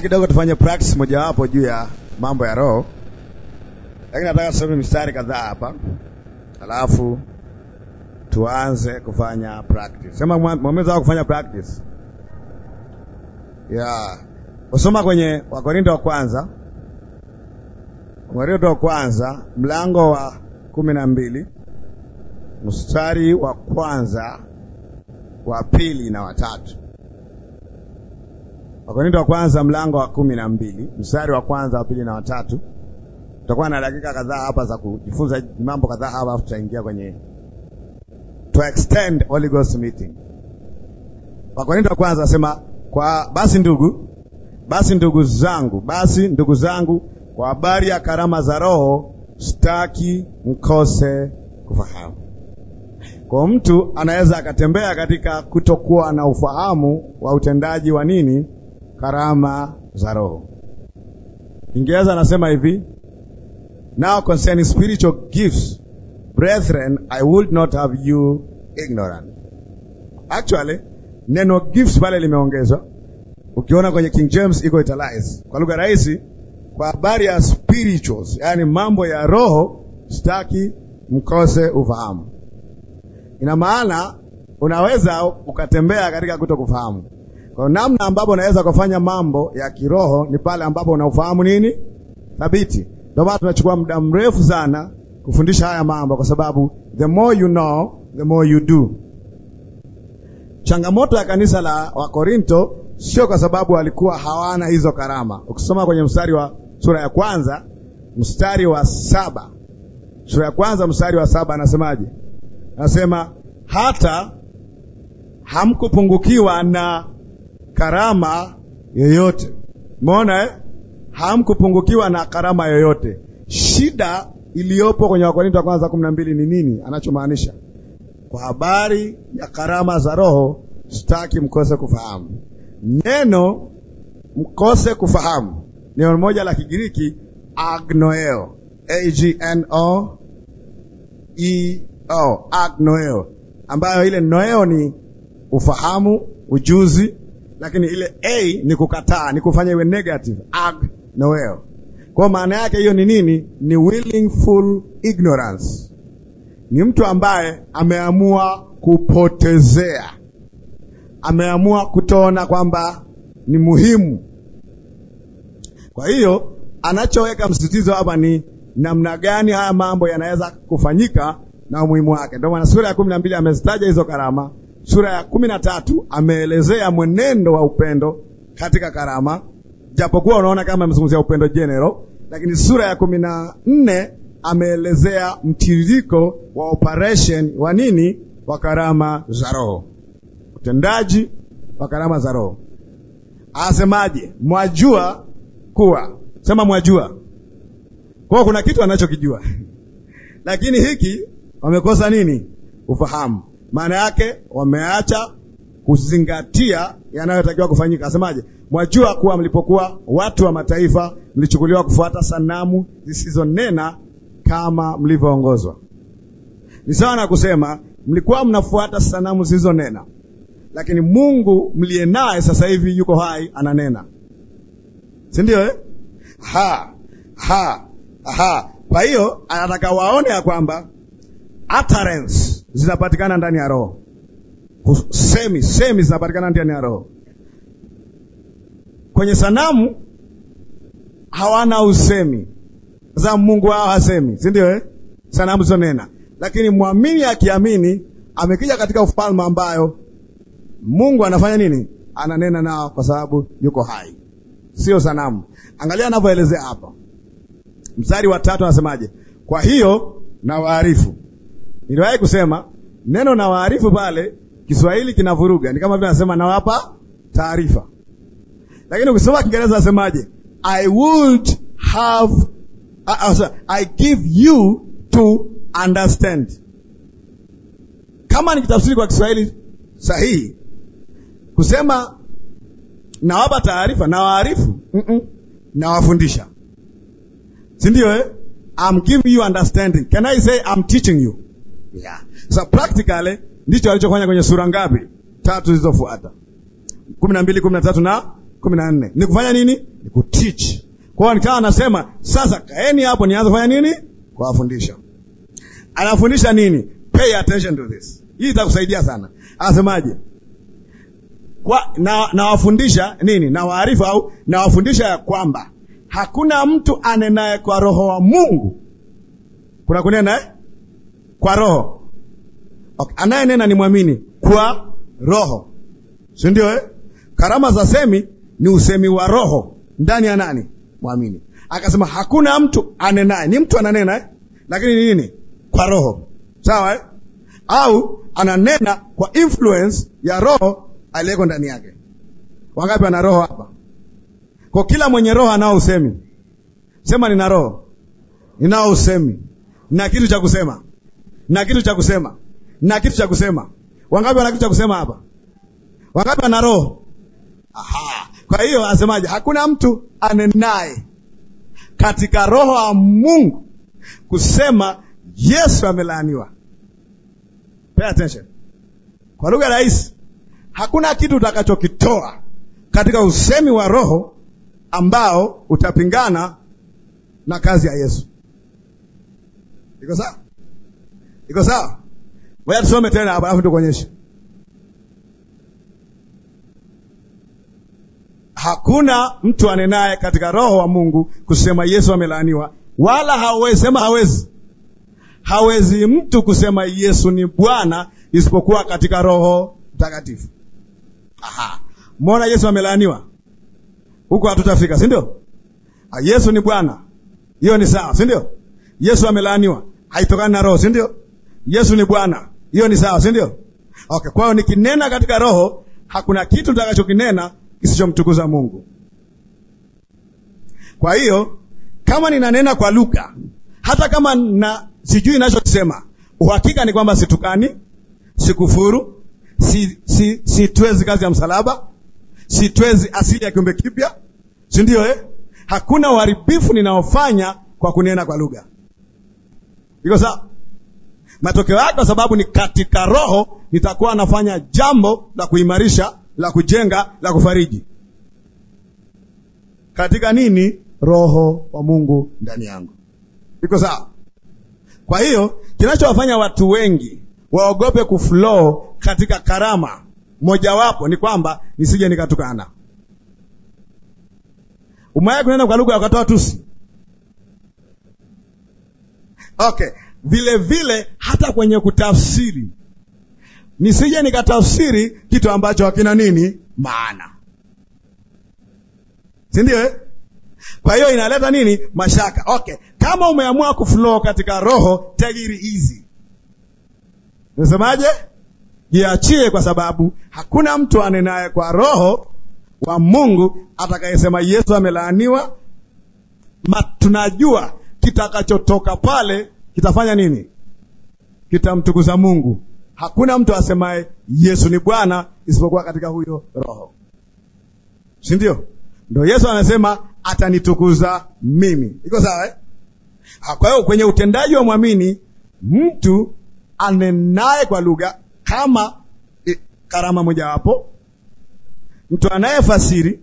kidogo tufanye practice mojawapo juu ya mambo ya roho, lakini nataka tusome mistari kadhaa hapa, alafu tuanze kufanya practice. Sema mwameza kufanya practice ya yeah. Usoma kwenye Wakorinto wa kwanza, Wakorinto wa kwanza mlango wa kumi na mbili mstari wa kwanza wa pili na watatu Wakorinto wa kwanza mlango wa kumi na mbili mstari wa kwanza wa pili na watatu. Tutakuwa na dakika kadhaa hapa za kujifunza mambo kadhaa hapa, afu tutaingia kwenye to extend Holy Ghost meeting. Wakorinto wa kwanza wasema kwa basi ndugu, basi ndugu zangu, basi ndugu zangu, kwa habari ya karama za Roho sitaki mkose kufahamu. Kwa mtu anaweza akatembea katika kutokuwa na ufahamu wa utendaji wa nini karama za Roho. Kiingereza anasema hivi, now concerning spiritual gifts brethren, I would not have you ignorant. Actually neno gifts pale limeongezwa, ukiona kwenye King James iko italize. Kwa lugha rahisi, kwa habari ya spirituals, yaani mambo ya roho, sitaki mkose ufahamu. Ina maana unaweza ukatembea katika kuto kufahamu kwa namna ambapo unaweza kufanya mambo ya kiroho ni pale ambapo unaufahamu nini thabiti. Ndio maana tunachukua muda mrefu sana kufundisha haya mambo, kwa sababu the more you know, the more you do. Changamoto ya kanisa la Wakorinto sio kwa sababu walikuwa hawana hizo karama. Ukisoma kwenye mstari wa sura ya kwanza mstari wa saba sura ya kwanza mstari wa saba anasemaje? Anasema hata hamkupungukiwa na karama yoyote. Umeona eh? Hamkupungukiwa na karama yoyote. Shida iliyopo kwenye Wakorintho wa kwanza 12 ni nini? Anachomaanisha kwa habari ya karama za Roho, sitaki mkose kufahamu. Neno mkose kufahamu, neno moja la Kigiriki agnoeo, A G N O E O, agnoeo, ambayo ile noeo ni ufahamu, ujuzi lakini ile a ni kukataa, ni kufanya iwe negative ag noel. Kwa maana yake hiyo ni nini? Ni willingful ignorance, ni mtu ambaye ameamua kupotezea, ameamua kutoona kwamba ni muhimu. Kwa hiyo anachoweka msisitizo hapa ni namna gani haya mambo yanaweza kufanyika na umuhimu wake. Ndio maana sura ya kumi na mbili amezitaja hizo karama sura ya kumi na tatu ameelezea mwenendo wa upendo katika karama, japokuwa unaona kama amezungumzia upendo general, lakini sura ya kumi na nne ameelezea mtiririko wa operation wa nini, wa karama za Roho, utendaji wa karama za Roho. Asemaje? mwajua kuwa, sema mwajua. kwao, kuna kitu anachokijua lakini hiki wamekosa nini? Ufahamu. Maana yake wameacha kuzingatia yanayotakiwa kufanyika. Asemaje? Mwajua kuwa mlipokuwa watu wa mataifa, mlichukuliwa kufuata sanamu zisizonena kama mlivyoongozwa. Ni sawa na kusema mlikuwa mnafuata sanamu zisizonena, lakini Mungu mliye naye sasa hivi yuko hai, ananena, si ndio eh? ha ha ha. Kwa hiyo anataka waone ya kwamba utterance zinapatikana ndani ya roho. Semi semi zinapatikana ndani ya roho. Kwenye sanamu hawana usemi, za Mungu hao hasemi, si ndio eh? Sanamu nena, lakini mwamini akiamini amekija katika ufalme ambayo Mungu anafanya nini? Ananena nao kwa sababu yuko hai, sio sanamu. Angalia anavyoelezea hapa, mstari wa tatu anasemaje? Kwa hiyo na waarifu Niliwahi kusema neno na waarifu pale Kiswahili kinavuruga, ni kama vile anasema nawapa taarifa, lakini ukisoma Kiingereza asemaje? I would have uh, sorry, I give you to understand. Kama nikitafsiri kwa Kiswahili sahihi kusema nawapa taarifa, na waarifu mm -mm, nawafundisha, si ndio eh? I'm giving you understanding. Can I say I'm teaching you? Yeah. So practically ndicho alichofanya kwenye sura ngapi? Tatu zilizofuata. 12, 13 na 14. Ni kufanya nini? Ni kuteach. Kwa hiyo nikawa nasema sasa kaeni hapo nianze kufanya nini? Kuwafundisha. Anafundisha nini? Pay attention to this. Hii itakusaidia sana. Anasemaje? Kwa na nawafundisha nini? Na waarifa au nawafundisha ya kwamba hakuna mtu anenaye kwa roho wa Mungu. Kuna kunena eh? kwa roho okay. Anayenena ni mwamini kwa roho, si ndio eh? Karama za semi ni usemi wa roho ndani ya nani? Mwamini. Akasema hakuna mtu anenaye, ni mtu ananena eh? Lakini ni nini? Kwa roho, sawa eh? Au ananena kwa influence ya roho aliyeko ndani yake. Wangapi ana roho hapa? Kwa kila mwenye roho anao usemi. Sema nina roho, ninao usemi, na kitu cha kusema na kitu cha kusema na kitu cha kusema. Wangapi wana kitu cha kusema hapa? Wangapi wana roho? Aha. Kwa hiyo asemaje? Hakuna mtu anenaye katika roho wa Mungu kusema Yesu amelaaniwa. Pay attention. Kwa lugha rahisi, hakuna kitu utakachokitoa katika usemi wa roho ambao utapingana na kazi ya Yesu. Iko sawa? Iko sawa? Ngoja tusome tena hapa afu tukuonyeshe. Hakuna mtu anenaye katika roho wa Mungu kusema Yesu amelaaniwa, wa wala hawezi sema, hawezi hawezi mtu kusema Yesu ni Bwana isipokuwa katika Roho Mtakatifu. Aha, mbona Yesu amelaaniwa? Huko hatutafika, si ndio? Ah, Yesu ni Bwana, hiyo ni sawa, si ndio? Yesu amelaaniwa haitokani na Roho, si ndio? Yesu ni Bwana. Hiyo ni sawa, si ndio? Okay, kwa hiyo nikinena katika roho, hakuna kitu nitakachokinena kisichomtukuza Mungu. Kwa hiyo kama ninanena kwa lugha, hata kama na sijui ninachosema, uhakika ni kwamba situkani, sikufuru, si, si, sitwezi kazi ya msalaba, sitwezi asili ya kiumbe kipya, si ndio eh? Hakuna uharibifu ninaofanya kwa kunena kwa lugha. Iko sawa? Matokeo yake, kwa sababu ni katika roho, nitakuwa nafanya jambo la kuimarisha, la kujenga, la kufariji katika nini? Roho wa Mungu ndani yangu. Iko sawa? Kwa hiyo kinachowafanya watu wengi waogope kuflow katika karama mojawapo ni kwamba nisije nikatukana. Umewahi kunena kwa lugha ukatoa tusi? Okay vile vile hata kwenye kutafsiri, nisije nikatafsiri kitu ambacho hakina nini maana, si ndio eh? Kwa hiyo inaleta nini mashaka. Okay, kama umeamua kuflow katika roho, tajiri hizi nasemaje? Jiachie, kwa sababu hakuna mtu anenaye kwa roho wa Mungu atakayesema Yesu amelaaniwa. Tunajua kitakachotoka pale kitafanya nini? Kitamtukuza Mungu. Hakuna mtu asemaye Yesu ni Bwana isipokuwa katika huyo Roho, si ndio? Ndio Yesu anasema atanitukuza mimi. Iko sawa eh? Ah, kwa hiyo kwenye utendaji wa mwamini, mtu anenaye kwa lugha kama eh, karama mojawapo, mtu anayefasiri,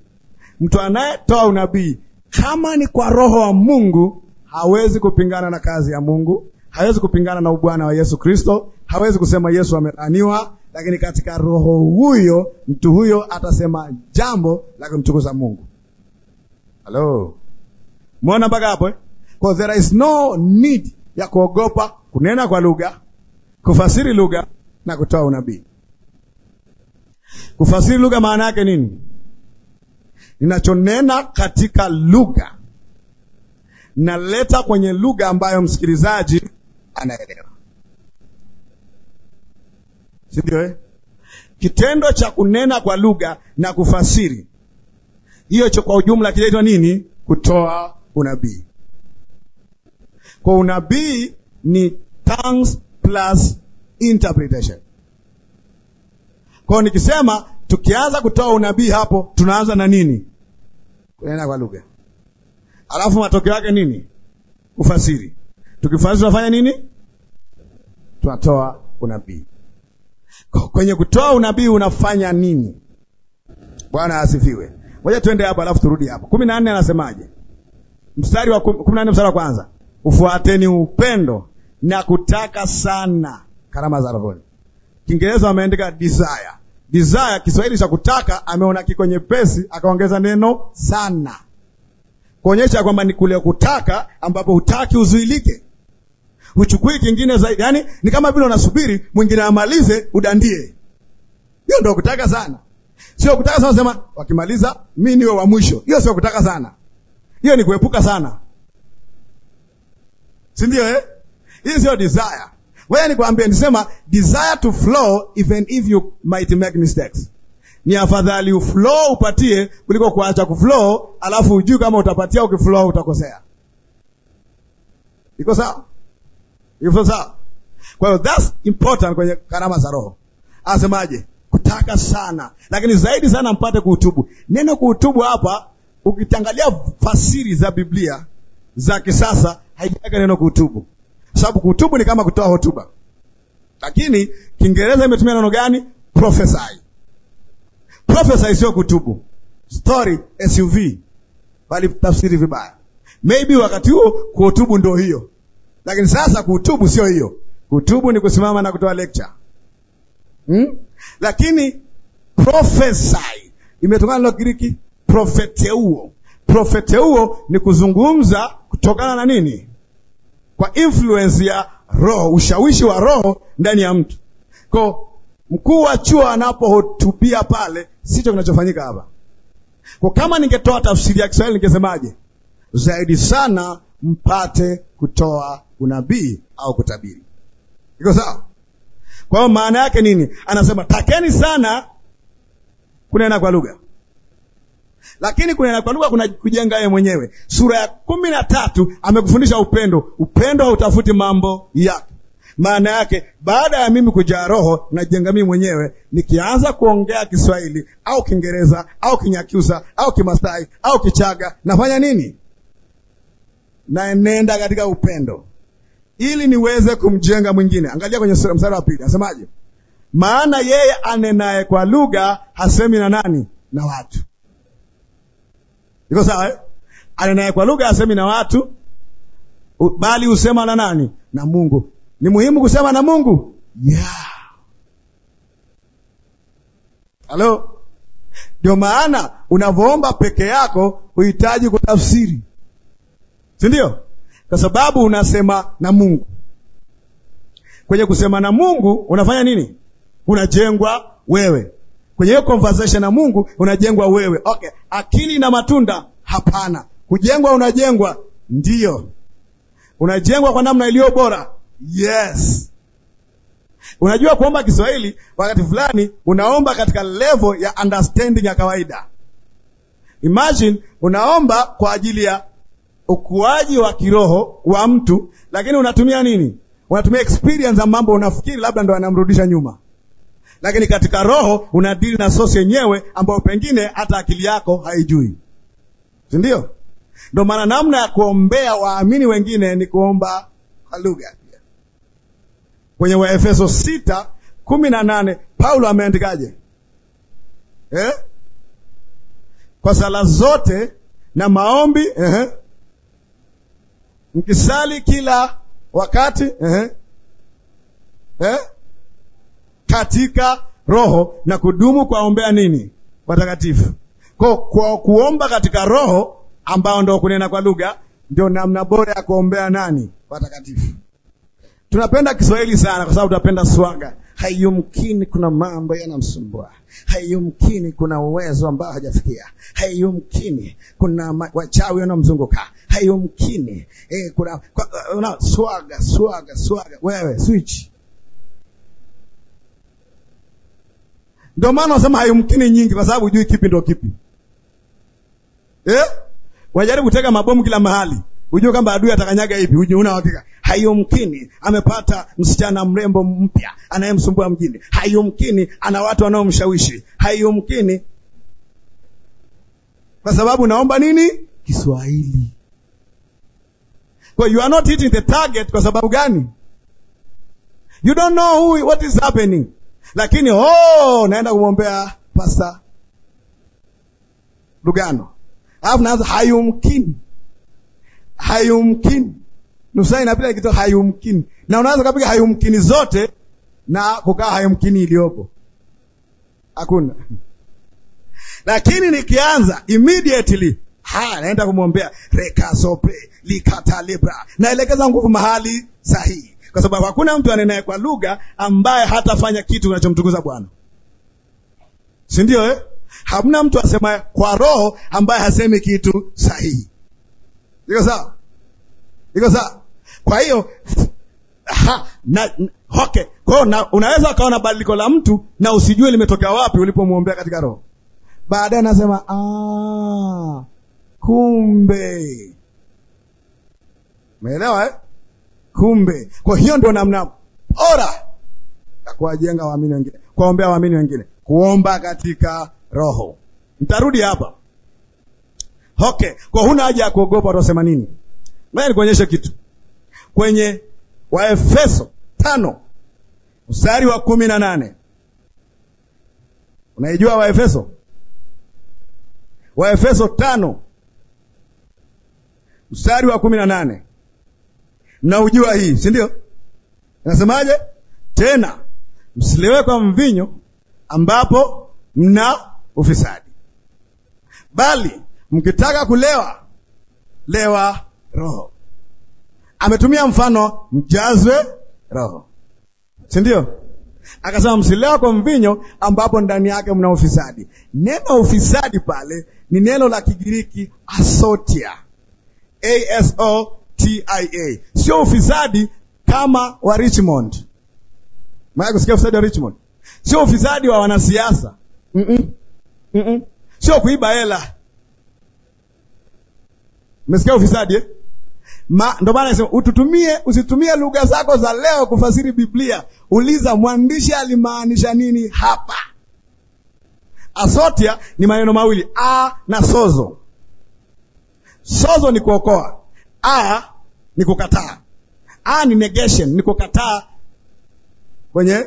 mtu anayetoa unabii, kama ni kwa Roho wa Mungu hawezi kupingana na kazi ya Mungu, hawezi kupingana na ubwana wa Yesu Kristo, hawezi kusema Yesu amelaaniwa. Lakini katika roho huyo mtu huyo atasema jambo la kumtukuza Mungu. Halo, mwona mpaka hapo eh? there is no need ya kuogopa kunena kwa lugha, kufasiri lugha na kutoa unabii. Kufasiri lugha maana yake nini? Ninachonena katika lugha naleta kwenye lugha ambayo msikilizaji anaelewa, si ndio eh? Kitendo cha kunena kwa lugha na kufasiri hiyo cho kwa ujumla kinaitwa nini? Kutoa unabii. Kwa unabii ni tongues plus interpretation. Kwa nikisema tukianza kutoa unabii hapo tunaanza na nini? Kunena kwa lugha alafu matokeo yake nini? Kufasiri. Tukifasiri tunafanya nini? Tunatoa unabii. Kwenye kutoa unabii unafanya nini? Bwana asifiwe. Ngoja twende hapa alafu turudi hapa. kumi na nne anasemaje? Mstari wa kumi na nne mstari wa kwanza, ufuateni upendo na kutaka sana karama za rohoni. Kiingereza wameandika desire. Desire Kiswahili cha kutaka, ameona kiko nyepesi akaongeza neno sana kuonyesha kwamba ni kule kutaka ambapo hutaki uzuilike, huchukui kingine zaidi. Yaani ni kama vile unasubiri mwingine amalize udandie. Hiyo ndio kutaka sana, sio kutaka sana sema wakimaliza mi niwe wa mwisho. Hiyo sio kutaka sana, hiyo ni kuepuka sana, si ndio eh? Hii sio desire. Wewe nikwambie, nisema desire to flow even if you might make mistakes ni afadhali uflow upatie kuliko kuacha kuflow, alafu ujui kama utapatia. Ukiflow utakosea. Iko sawa? Iko sawa? Kwa hiyo that's important kwenye karama za Roho. Asemaje? Kutaka sana, lakini zaidi sana mpate kuutubu. Neno kuutubu hapa, ukitangalia fasiri za Biblia za kisasa haijaga neno kuutubu, sababu kuutubu ni kama kutoa hotuba, lakini Kiingereza imetumia neno gani? Prophesy profesa sio kutubu story SUV, bali tafsiri vibaya. Maybe wakati huo kuutubu ndio hiyo, lakini sasa kuutubu sio hiyo. Kutubu ni kusimama na kutoa lecture hmm? Lakini prophesy imetokana na Kigiriki profeteuo. Profeteuo ni kuzungumza kutokana na nini? Kwa influence ya roho, ushawishi wa roho ndani ya mtu Kwa Mkuu wa chuo anapohutubia pale, sicho kinachofanyika hapa. Kwa kama ningetoa tafsiri ya Kiswahili ningesemaje? Zaidi sana mpate kutoa unabii au kutabiri. Iko sawa? Kwa hiyo maana yake nini? Anasema takeni sana kunena kwa lugha, lakini kunena kwa lugha kuna kujenga yeye mwenyewe. Sura ya kumi na tatu amekufundisha upendo. Upendo hautafuti mambo yake maana yake baada ya mimi kujaa Roho najenga mimi mwenyewe, nikianza kuongea Kiswahili au Kiingereza au Kinyakyusa au Kimasai au Kichaga nafanya nini? Naenenda katika upendo ili niweze kumjenga mwingine. Angalia kwenye mstari wa pili anasemaje? Maana yeye anenaye kwa lugha hasemi na nani? Na watu. Iko sawa eh? Anenaye kwa lugha hasemi na watu, bali husema na nani? Na Mungu. Ni muhimu kusema na Mungu yeah. Halo, ndio maana unavyoomba peke yako huhitaji kutafsiri, si ndio? Kwa sababu unasema na Mungu. Kwenye kusema na Mungu unafanya nini? Unajengwa wewe kwenye hiyo conversation na Mungu, unajengwa wewe. Okay, akili na matunda? Hapana. Kujengwa unajengwa, ndiyo unajengwa kwa namna iliyo bora, Yes. Unajua kuomba Kiswahili wakati fulani unaomba katika level ya understanding ya kawaida. Imagine unaomba kwa ajili ya ukuaji wa kiroho wa mtu, lakini unatumia nini? Unatumia experience ya mambo unafikiri labda ndo anamrudisha nyuma, lakini katika roho unadili na source yenyewe ambayo pengine hata akili yako haijui, si ndio? Ndio maana namna ya kuombea waamini wengine ni kuomba kwa lugha kwenye Waefeso sita kumi na nane Paulo ameandikaje eh? kwa sala zote na maombi eh? mkisali kila wakati eh? Eh? katika roho na kudumu kuwaombea nini watakatifu. Kwa, kwa kuomba katika roho ambao ndo kunena kwa lugha ndio namna bora ya kuombea nani watakatifu. Tunapenda Kiswahili sana kwa sababu tunapenda swaga. Haiyumkini kuna mambo yanamsumbua. Haiyumkini kuna uwezo ambao hajafikia. Haiyumkini kuna wachawi wanamzunguka. Haiyumkini eh, kuna kwa, una, swaga swaga swaga. Wewe switch. Ndio maana wasema haiyumkini nyingi, kwa sababu hujui kipi ndio kipi eh? Wajaribu kutega mabomu kila mahali, hujue kama adui atakanyaga ipi, hujui, una hakika haiyumkini amepata msichana mrembo mpya anayemsumbua mjini, haiyumkini ana watu wanaomshawishi, haiyumkini kwa sababu naomba nini? Kiswahili. Kwa you are not hitting the target. Kwa sababu gani? You don't know who, what is happening, lakini oh, naenda kumwombea Pasta Lugano alafu naanza hayumkini, hayumkini Nusu inapita ikitoa hayumkini, na unaweza ukapiga hayumkini zote na kukaa hayumkini iliyopo hakuna. Lakini nikianza immediately ha naenda kumwombea rekasope likatalibra, naelekeza nguvu mahali sahihi, kwa sababu hakuna mtu anenaye kwa lugha ambaye hatafanya kitu kinachomtukuza Bwana, si ndio eh? Hamna mtu asema kwa roho ambaye hasemi kitu sahihi. Iko sawa? Iko sawa? Kwa hiyo ha, na, okay. Kwa hiyo na, unaweza ukaona badiliko la mtu na usijue limetokea wapi ulipomwombea katika roho. Baadaye anasema ah, kumbe umeelewa eh? Kumbe kwa hiyo ndio namna bora ya kuwajenga waamini wengine, kuwaombea waamini wengine, kuomba katika roho. ntarudi hapa okay. Kwa huna haja ya kuogopa watu wasema nini. Ngoja nikuonyeshe kitu kwenye Waefeso tano mstari wa kumi na nane. Unaijua Waefeso? Waefeso tano mstari wa kumi na nane. Mnaujua hii, si ndio? Inasemaje? Tena msilewe kwa mvinyo ambapo mna ufisadi, bali mkitaka kulewa lewa roho ametumia mfano mjazwe roho, si ndio? Akasema msilewa kwa mvinyo ambapo ndani yake mna ufisadi. Neno ufisadi pale ni neno la Kigiriki asotia, a s o t i a, sio ufisadi kama wa Richmond. Maana kusikia ufisadi wa Richmond, sio ufisadi wa wanasiasa mm -mm. Mm -mm. Sio kuiba hela. Umesikia ufisadi eh? Ndo maana anasema ututumie, usitumie lugha zako za leo kufasiri Biblia. Uliza mwandishi alimaanisha nini hapa. Asotia ni maneno mawili, a na sozo. Sozo ni kuokoa, a ni kukataa. A ni negation, ni kukataa kwenye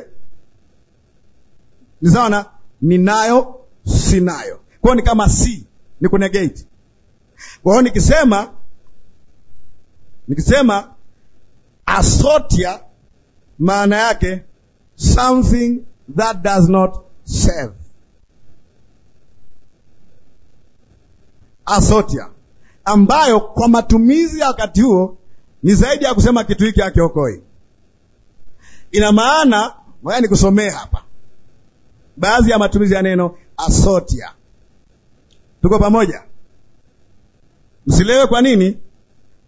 ni sawa ninayo sinayo. Kwa hiyo ni kama si ni kunegate. Kwa hiyo nikisema Nikisema asotia, maana yake something that does not serve. Asotia ambayo kwa matumizi ya wakati huo ni zaidi ya kusema kitu hiki hakiokoi. Ina maana moja, nikusomee hapa baadhi ya matumizi ya neno asotia. Tuko pamoja? Msilewe kwa nini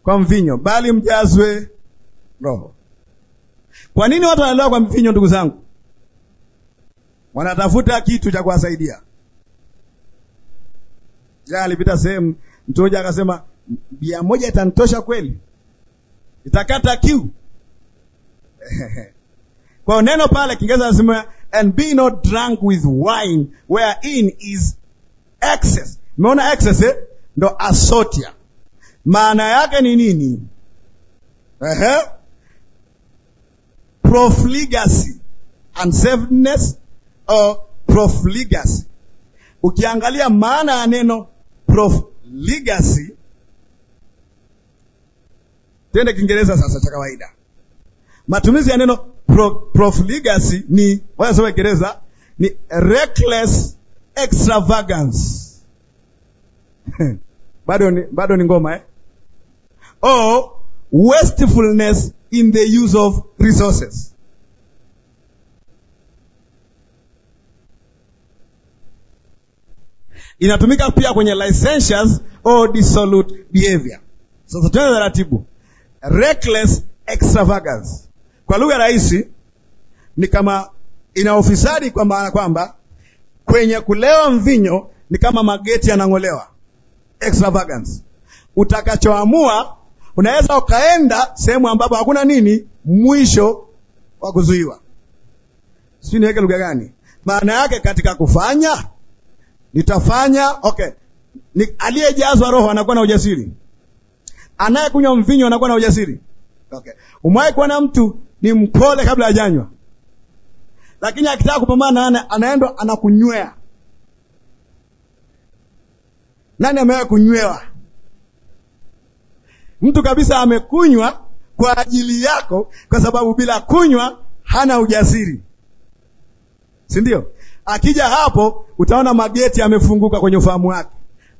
kwa mvinyo, bali mjazwe Roho. Kwa nini watu wanalewa kwa mvinyo, ndugu zangu? Wanatafuta kitu cha kuwasaidia. Ja, alipita sehemu mtu mmoja akasema, bia moja itanitosha kweli, itakata kiu. Kwa neno pale Kiingereza nasema and be not drunk with wine wherein is excess. Umeona excess eh? Ndo asotia maana yake ni nini? Ehe, profligacy unsavedness or profligacy. Ukiangalia maana ya neno profligacy, twende Kiingereza sasa cha kawaida. Matumizi ya neno pro, profligacy ni wasema Kiingereza ni reckless extravagance bado ni, bado ni ngoma eh? or wastefulness in the use of resources. Inatumika pia kwenye licentious or dissolute behavior. Sasa tuende taratibu. Reckless extravagance kwa lugha rahisi ni kama ina ufisadi, kwa maana kwamba kwenye kulewa mvinyo ni kama mageti yanang'olewa. Extravagance, utakachoamua Unaweza ukaenda sehemu ambapo hakuna nini, mwisho wa kuzuiwa. Sijui niweke lugha gani? Maana yake katika kufanya nitafanya, okay. Ni, aliyejazwa Roho anakuwa na ujasiri, anayekunywa mvinyo anakuwa na ujasiri, okay. Umewahi na mtu ni mpole kabla hajanywa, lakini akitaka kupambana anaenda anakunywea. Nani amewahi kunywewa? mtu kabisa amekunywa kwa ajili yako, kwa sababu bila kunywa hana ujasiri, si ndio? Akija hapo utaona mageti yamefunguka kwenye ufahamu wake,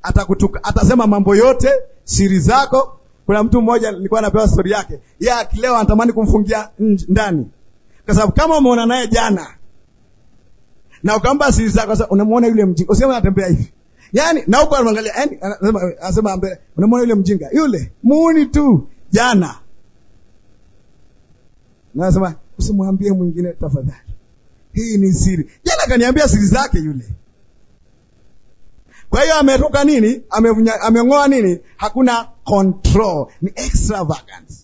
atakutuka, atasema mambo yote, siri zako. Kuna mtu mmoja nilikuwa napewa stori yake, yeye akilewa anatamani kumfungia ndani, kwa sababu kama umeona naye jana na ukamba siri zako, unamuona yule mjinga, useme anatembea hivi yani na huko anamwangalia yani anasema anasema mbele unamwona yule mjinga yule muuni tu jana na anasema usimwambie mwingine tafadhali hii ni siri jana kaniambia siri zake yule kwa hiyo ametoka nini ameng'oa nini hakuna control ni extravagance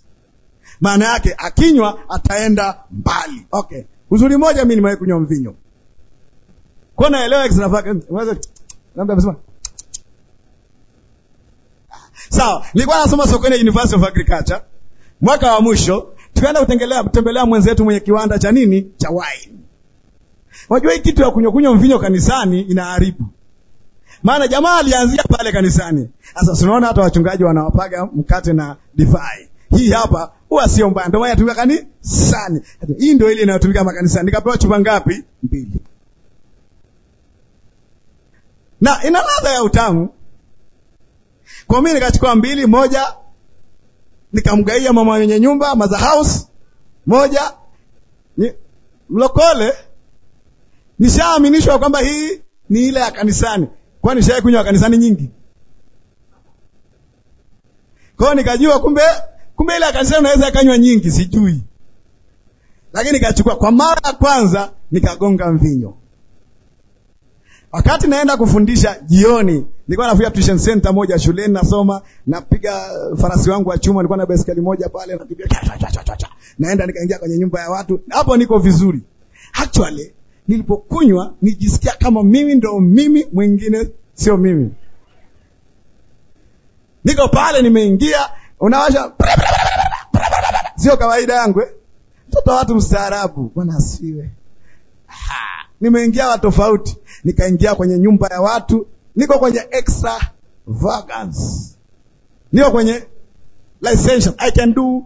maana yake akinywa ataenda mbali okay uzuri moja mimi nimewahi kunywa mvinyo kwa naelewa extravagance labda amesema ah, sawa. Nilikuwa nasoma sokoni ya University of Agriculture mwaka wa mwisho, tukaenda kutembelea kutembelea mwenzetu mwenye kiwanda cha nini cha wine. Wajua hii kitu ya kunywa kunywa mvinyo kanisani inaharibu, maana jamaa alianzia pale kanisani. Sasa tunaona hata wachungaji wanawapaga mkate na divai hii hapa huwa sio mbaya, ndio maana inatumika kanisani. Hii ndio ile inayotumika makanisani. Nikapewa chupa ngapi? Mbili na ina ladha ya utamu. Kwa mimi nikachukua mbili, moja nikamgaia mama mwenye nyumba mother house moja ni, mlokole. Nishaaminishwa kwamba hii ni ile ya kanisani, kwa nishai kunywa kanisani nyingi, kwa nikajua kumbe kumbe ile ya kanisani unaweza kanywa nyingi, sijui lakini nikachukua kwa mara ya kwanza nikagonga mvinyo. Wakati naenda kufundisha jioni, nilikuwa nafuya tuition center moja shuleni nasoma, napiga farasi wangu wa chuma, nilikuwa na baiskeli moja pale napiga cha cha cha cha cha cha. Naenda nikaingia kwenye nyumba ya watu. Hapo niko vizuri. Actually, nilipokunywa nijisikia kama mimi ndo mimi mwingine sio mimi. Niko pale nimeingia, unawasha sio kawaida yangu eh? Mtoto wa watu mstaarabu, bwana asiwe. Nimeingia wa tofauti nikaingia kwenye nyumba ya watu, niko kwenye extra extravagance, niko kwenye licentious, I can do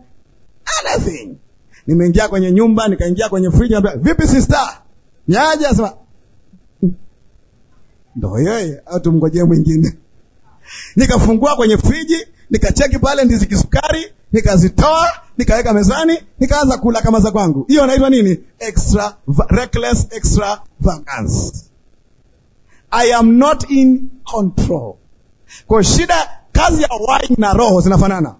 anything. Nimeingia kwenye nyumba, nikaingia kwenye fridge, nikamwambia vipi sister, niaje? Asema ndo yeye au tumngojee mwingine? Nikafungua kwenye friji, nikacheki pale ndizi kisukari, nikazitoa nikaweka mezani, nikaanza kula kama za kwangu. Hiyo inaitwa nini? Extra reckless extravagance. I am not in control. Kwa shida, kazi ya wai na roho zinafanana,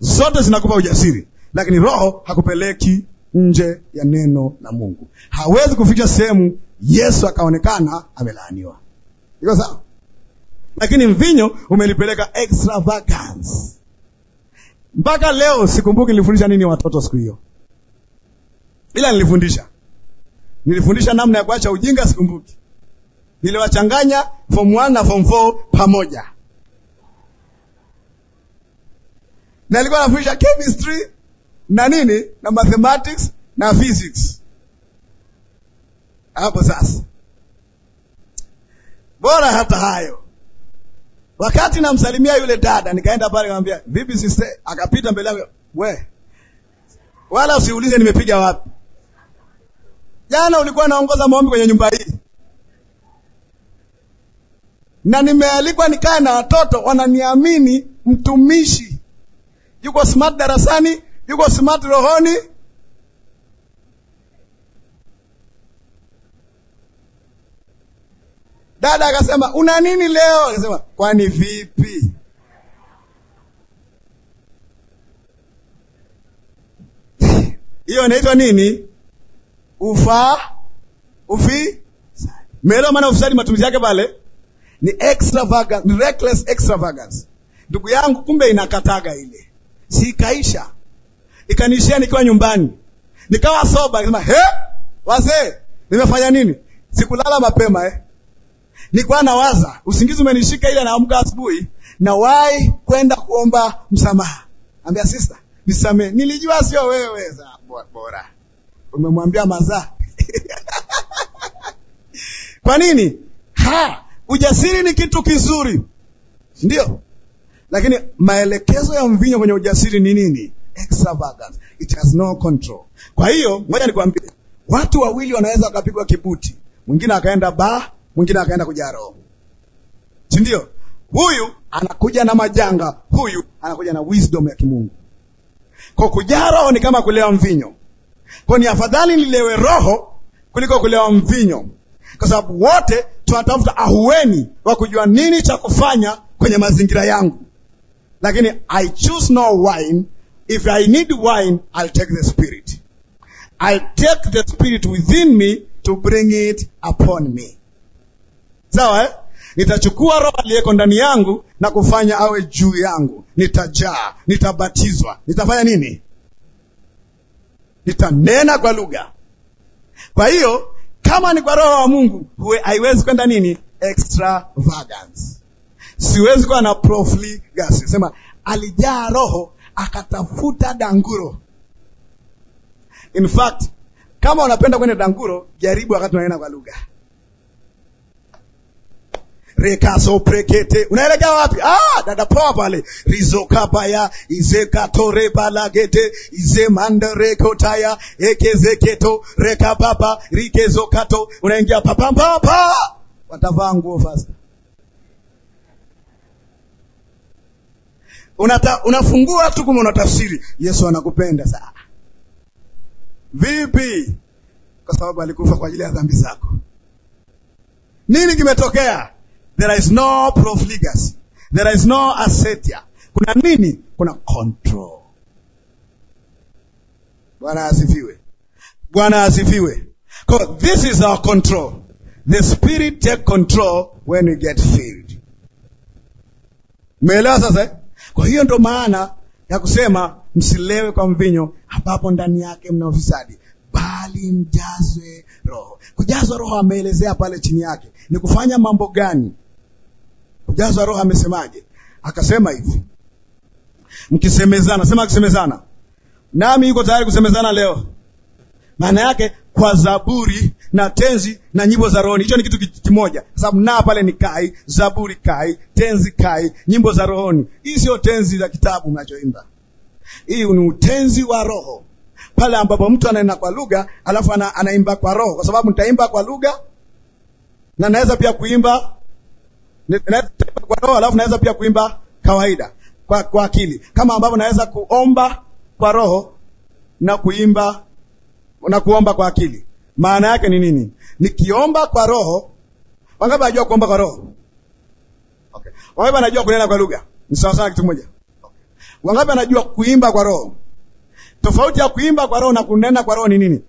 zote zinakupa ujasiri, lakini roho hakupeleki nje ya neno la Mungu. Hawezi kufikia sehemu Yesu akaonekana amelaaniwa. Iko sawa? Lakini mvinyo umelipeleka extravagance. Mpaka leo sikumbuki nilifundisha nini watoto siku hiyo, ila nilifundisha nilifundisha namna ya kuacha ujinga, sikumbuki niliwachanganya form 1 na form 4 pamoja na nilikuwa nafundisha chemistry na nini na mathematics na physics hapo sasa bora hata hayo wakati namsalimia yule dada nikaenda pale nikamwambia vipi sister akapita mbele yangu we wala usiulize nimepiga wapi jana ulikuwa naongoza maombi kwenye nyumba hii na nimealikwa nikae na watoto, wananiamini mtumishi. Yuko smart darasani, yuko smart rohoni. Dada akasema una nini leo? Akasema kwani vipi? hiyo inaitwa nini? Ufa ufi melo, maana ufisadi matumizi yake pale ni extravagance, ni reckless extravagance. Ndugu yangu, kumbe inakataga ile, siikaisha ikaniishia nikiwa nyumbani, nikawa soba, nikasema he, wazee, nimefanya nini? Sikulala mapema eh? Nilikuwa nawaza, usingizi umenishika, ile naamka asubuhi na wai kwenda kuomba msamaha, ambia sister, nisamee, nilijua sio wewe. Za bora umemwambia mazaa kwa nini ha Ujasiri ni kitu kizuri, ndio, lakini maelekezo ya mvinyo kwenye ujasiri ni nini? Extravagance, it has no control. Kwa hiyo ngoja nikwambie, watu wawili wanaweza wakapigwa kibuti, mwingine akaenda ba, mwingine akaenda kuja roho, si ndio? Huyu anakuja na majanga, huyu anakuja na wisdom ya Kimungu. Kwa kujaa roho ni kama kulewa mvinyo, kwa ni afadhali nilewe roho kuliko kulewa mvinyo, kwa sababu wote tunatafuta ahueni wa kujua nini cha kufanya kwenye mazingira yangu lakini i choose no wine if i need wine i'll take the spirit i'll take the spirit within me to bring it upon me sawa eh? nitachukua roho aliyeko ndani yangu na kufanya awe juu yangu nitajaa nitabatizwa nitafanya nini nitanena kwa lugha kwa hiyo kama ni kwa roho wa mungu haiwezi kwenda nini extravagance siwezi kuwa na profligacy. sema alijaa roho akatafuta danguro in fact kama unapenda kwenda danguro jaribu wakati unaenda kwa lugha rekaso prekete. Unaelekea wapi? Ah, dada poa pale. Rizokabaya izekatore balagete izemanda rekotaya ekezeketo rekababa rikezokato. Unaingia papampapa, watavaa nguo fasa. Unata, unafungua tu kuma unatafsiri Yesu anakupenda sana. Vipi? Kwa sababu alikufa kwa ajili ya dhambi zako. Nini kimetokea? There is no profligacy. There is no asetia. Kuna nini? Kuna control. Bwana asifiwe. Bwana asifiwe. So this is our control. The spirit take control when we get filled. Umeelewa sasa? Eh? Kwa hiyo ndo maana ya kusema msilewe kwa mvinyo ambapo ndani yake mna ufisadi, bali mjazwe Roho. Kujazwa Roho ameelezea pale chini yake ni kufanya mambo gani kujaza roho amesemaje? Akasema hivi, mkisemezana, sema akisemezana, nami yuko tayari kusemezana leo. Maana yake kwa Zaburi na tenzi na nyimbo za rohoni, hicho ni kitu kimoja, sababu na pale ni kai, Zaburi kai, tenzi kai, nyimbo za rohoni. Hii sio tenzi za kitabu mnachoimba, hii ni utenzi wa roho, pale ambapo mtu anaenda kwa lugha alafu ana, anaimba kwa roho, kwa sababu nitaimba kwa lugha na naweza pia kuimba kwa roho alafu naweza pia kuimba kawaida kwa, kwa akili kama ambavyo naweza kuomba kwa roho na kuimba na kuomba kwa akili. Maana yake ni nini? Nikiomba kwa roho, wangapi anajua kuomba kwa roho? Okay. Wangapi anajua kunena kwa lugha? Ni sawa sana, kitu moja. Okay. Wangapi anajua kuimba kwa roho? Tofauti ya kuimba kwa roho na kunena kwa roho ni nini?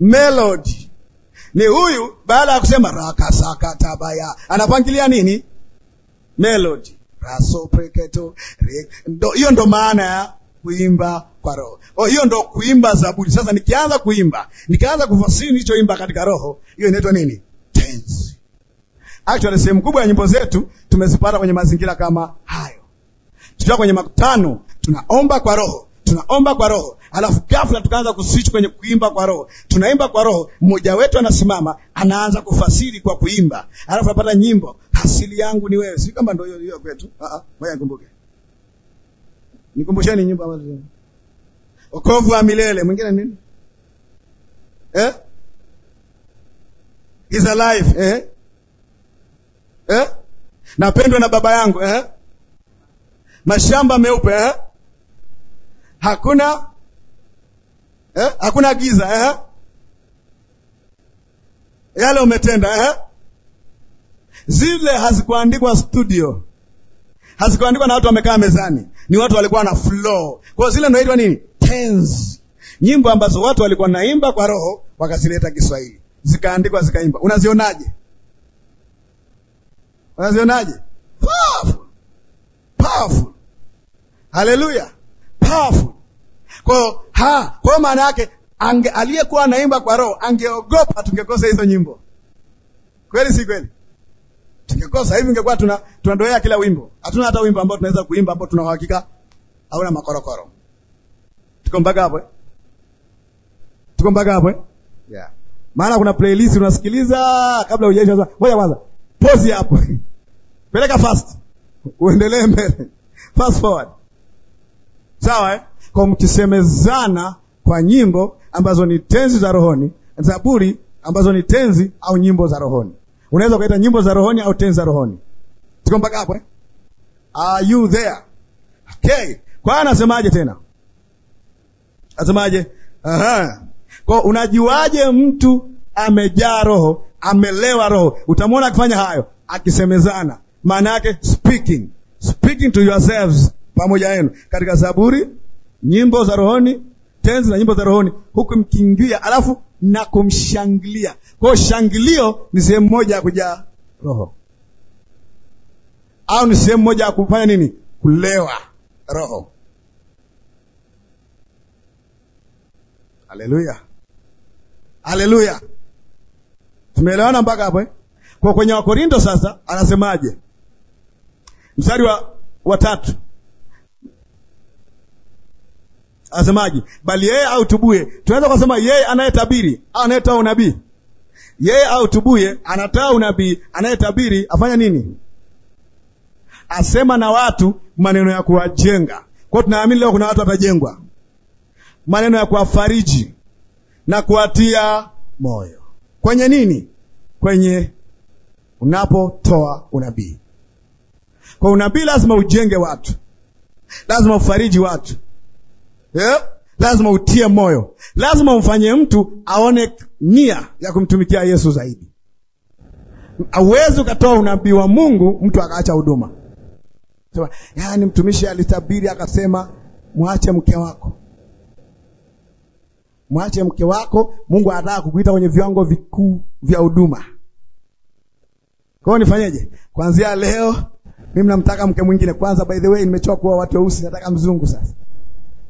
Melody ni huyu, baada ya kusema rakasakatabaya anapangilia nini? Melody raso preketo ndo, hiyo ndo maana ya kuimba kwa roho. Oh, hiyo ndo kuimba Zaburi. Sasa nikianza kuimba, nikaanza kufasiri nilichoimba katika roho, hiyo inaitwa nini? Tense. Actually, sehemu kubwa ya nyimbo zetu tumezipata kwenye mazingira kama hayo. Tukiwa kwenye makutano, tunaomba kwa roho tunaomba kwa roho alafu ghafla tukaanza kuswitch kwenye kuimba kwa roho tunaimba kwa roho mmoja wetu anasimama anaanza kufasiri kwa kuimba alafu anapata nyimbo asili yangu ni wewe si kama ndo hiyo hiyo kwetu moja ah, ah, nikumbuke nikumbusheni nyimbo ambazo okovu wa milele mwingine nini eh is alive eh eh napendwa na baba yangu eh mashamba meupe eh hakuna eh? hakuna giza eh? yale umetenda eh? zile hazikuandikwa studio hazikuandikwa na watu wamekaa mezani ni watu walikuwa na flow kwao zile naitwa nini tenzi nyimbo ambazo watu walikuwa naimba kwa roho wakazileta kiswahili zikaandikwa zikaimba unazionaje unazionaje powerful powerful haleluya powerful. Kwa hiyo ha, kwa hiyo maana yake aliyekuwa anaimba kwa roho angeogopa tungekosa hizo nyimbo. Kweli si kweli? Tungekosa hivi, ingekuwa tuna tunadoea kila wimbo. Hatuna hata wimbo ambao tunaweza kuimba ambao tuna uhakika hauna makorokoro. Tuko mpaka hapo? Eh? Tuko mpaka hapo? Eh? Yeah. Maana kuna playlist unasikiliza kabla hujaisha sasa. Ngoja kwanza. Pause hapo. Peleka fast. Uendelee mbele. Fast forward sawa eh? Kwa mkisemezana kwa nyimbo ambazo ni tenzi za rohoni, zaburi ambazo ni tenzi au nyimbo za rohoni. Unaweza ukaita nyimbo za rohoni au tenzi za rohoni. Tuko mpaka hapo eh? Are you there? Okay. Kwa hiyo anasemaje tena? Anasemaje? Aha. Kwa unajuaje mtu amejaa roho, amelewa roho? Utamwona akifanya hayo, akisemezana. Maana yake speaking, speaking to yourselves pamoja yenu katika Zaburi, nyimbo za rohoni, tenzi na nyimbo za rohoni, huku mkingia alafu na kumshangilia. Kwa hiyo shangilio ni sehemu moja ya kujaa roho, au ni sehemu moja ya kufanya nini? Kulewa roho. Haleluya, haleluya. Tumeelewana mpaka hapo eh? Kwa kwenye Wakorinto sasa anasemaje? Mstari wa, wa tatu Asemaje? Bali yeye autubue, tunaweza kusema yeye anayetabiri au anayetoa unabii. Yeye autubue, anatoa unabii, anayetabiri afanya nini? Asema na watu maneno ya kuwajenga. Kwa hiyo tunaamini leo kuna watu watajengwa, maneno ya kuwafariji na kuwatia moyo kwenye nini? Kwenye unapotoa unabii. Kwa unabii lazima ujenge watu, lazima ufariji watu yep. Eh? Lazima utie moyo, lazima umfanye mtu aone nia ya kumtumikia Yesu zaidi. Hauwezi ukatoa unabii wa Mungu mtu akaacha huduma. Sema Yaani mtumishi alitabiri akasema, mwache mke wako, mwache mke wako, Mungu anataka kukuita kwenye viwango vikuu vya huduma. Kwa hiyo nifanyeje? Kuanzia leo mimi namtaka mke mwingine. Kwanza by the way, nimechoka kuwa watu weusi, nataka mzungu sasa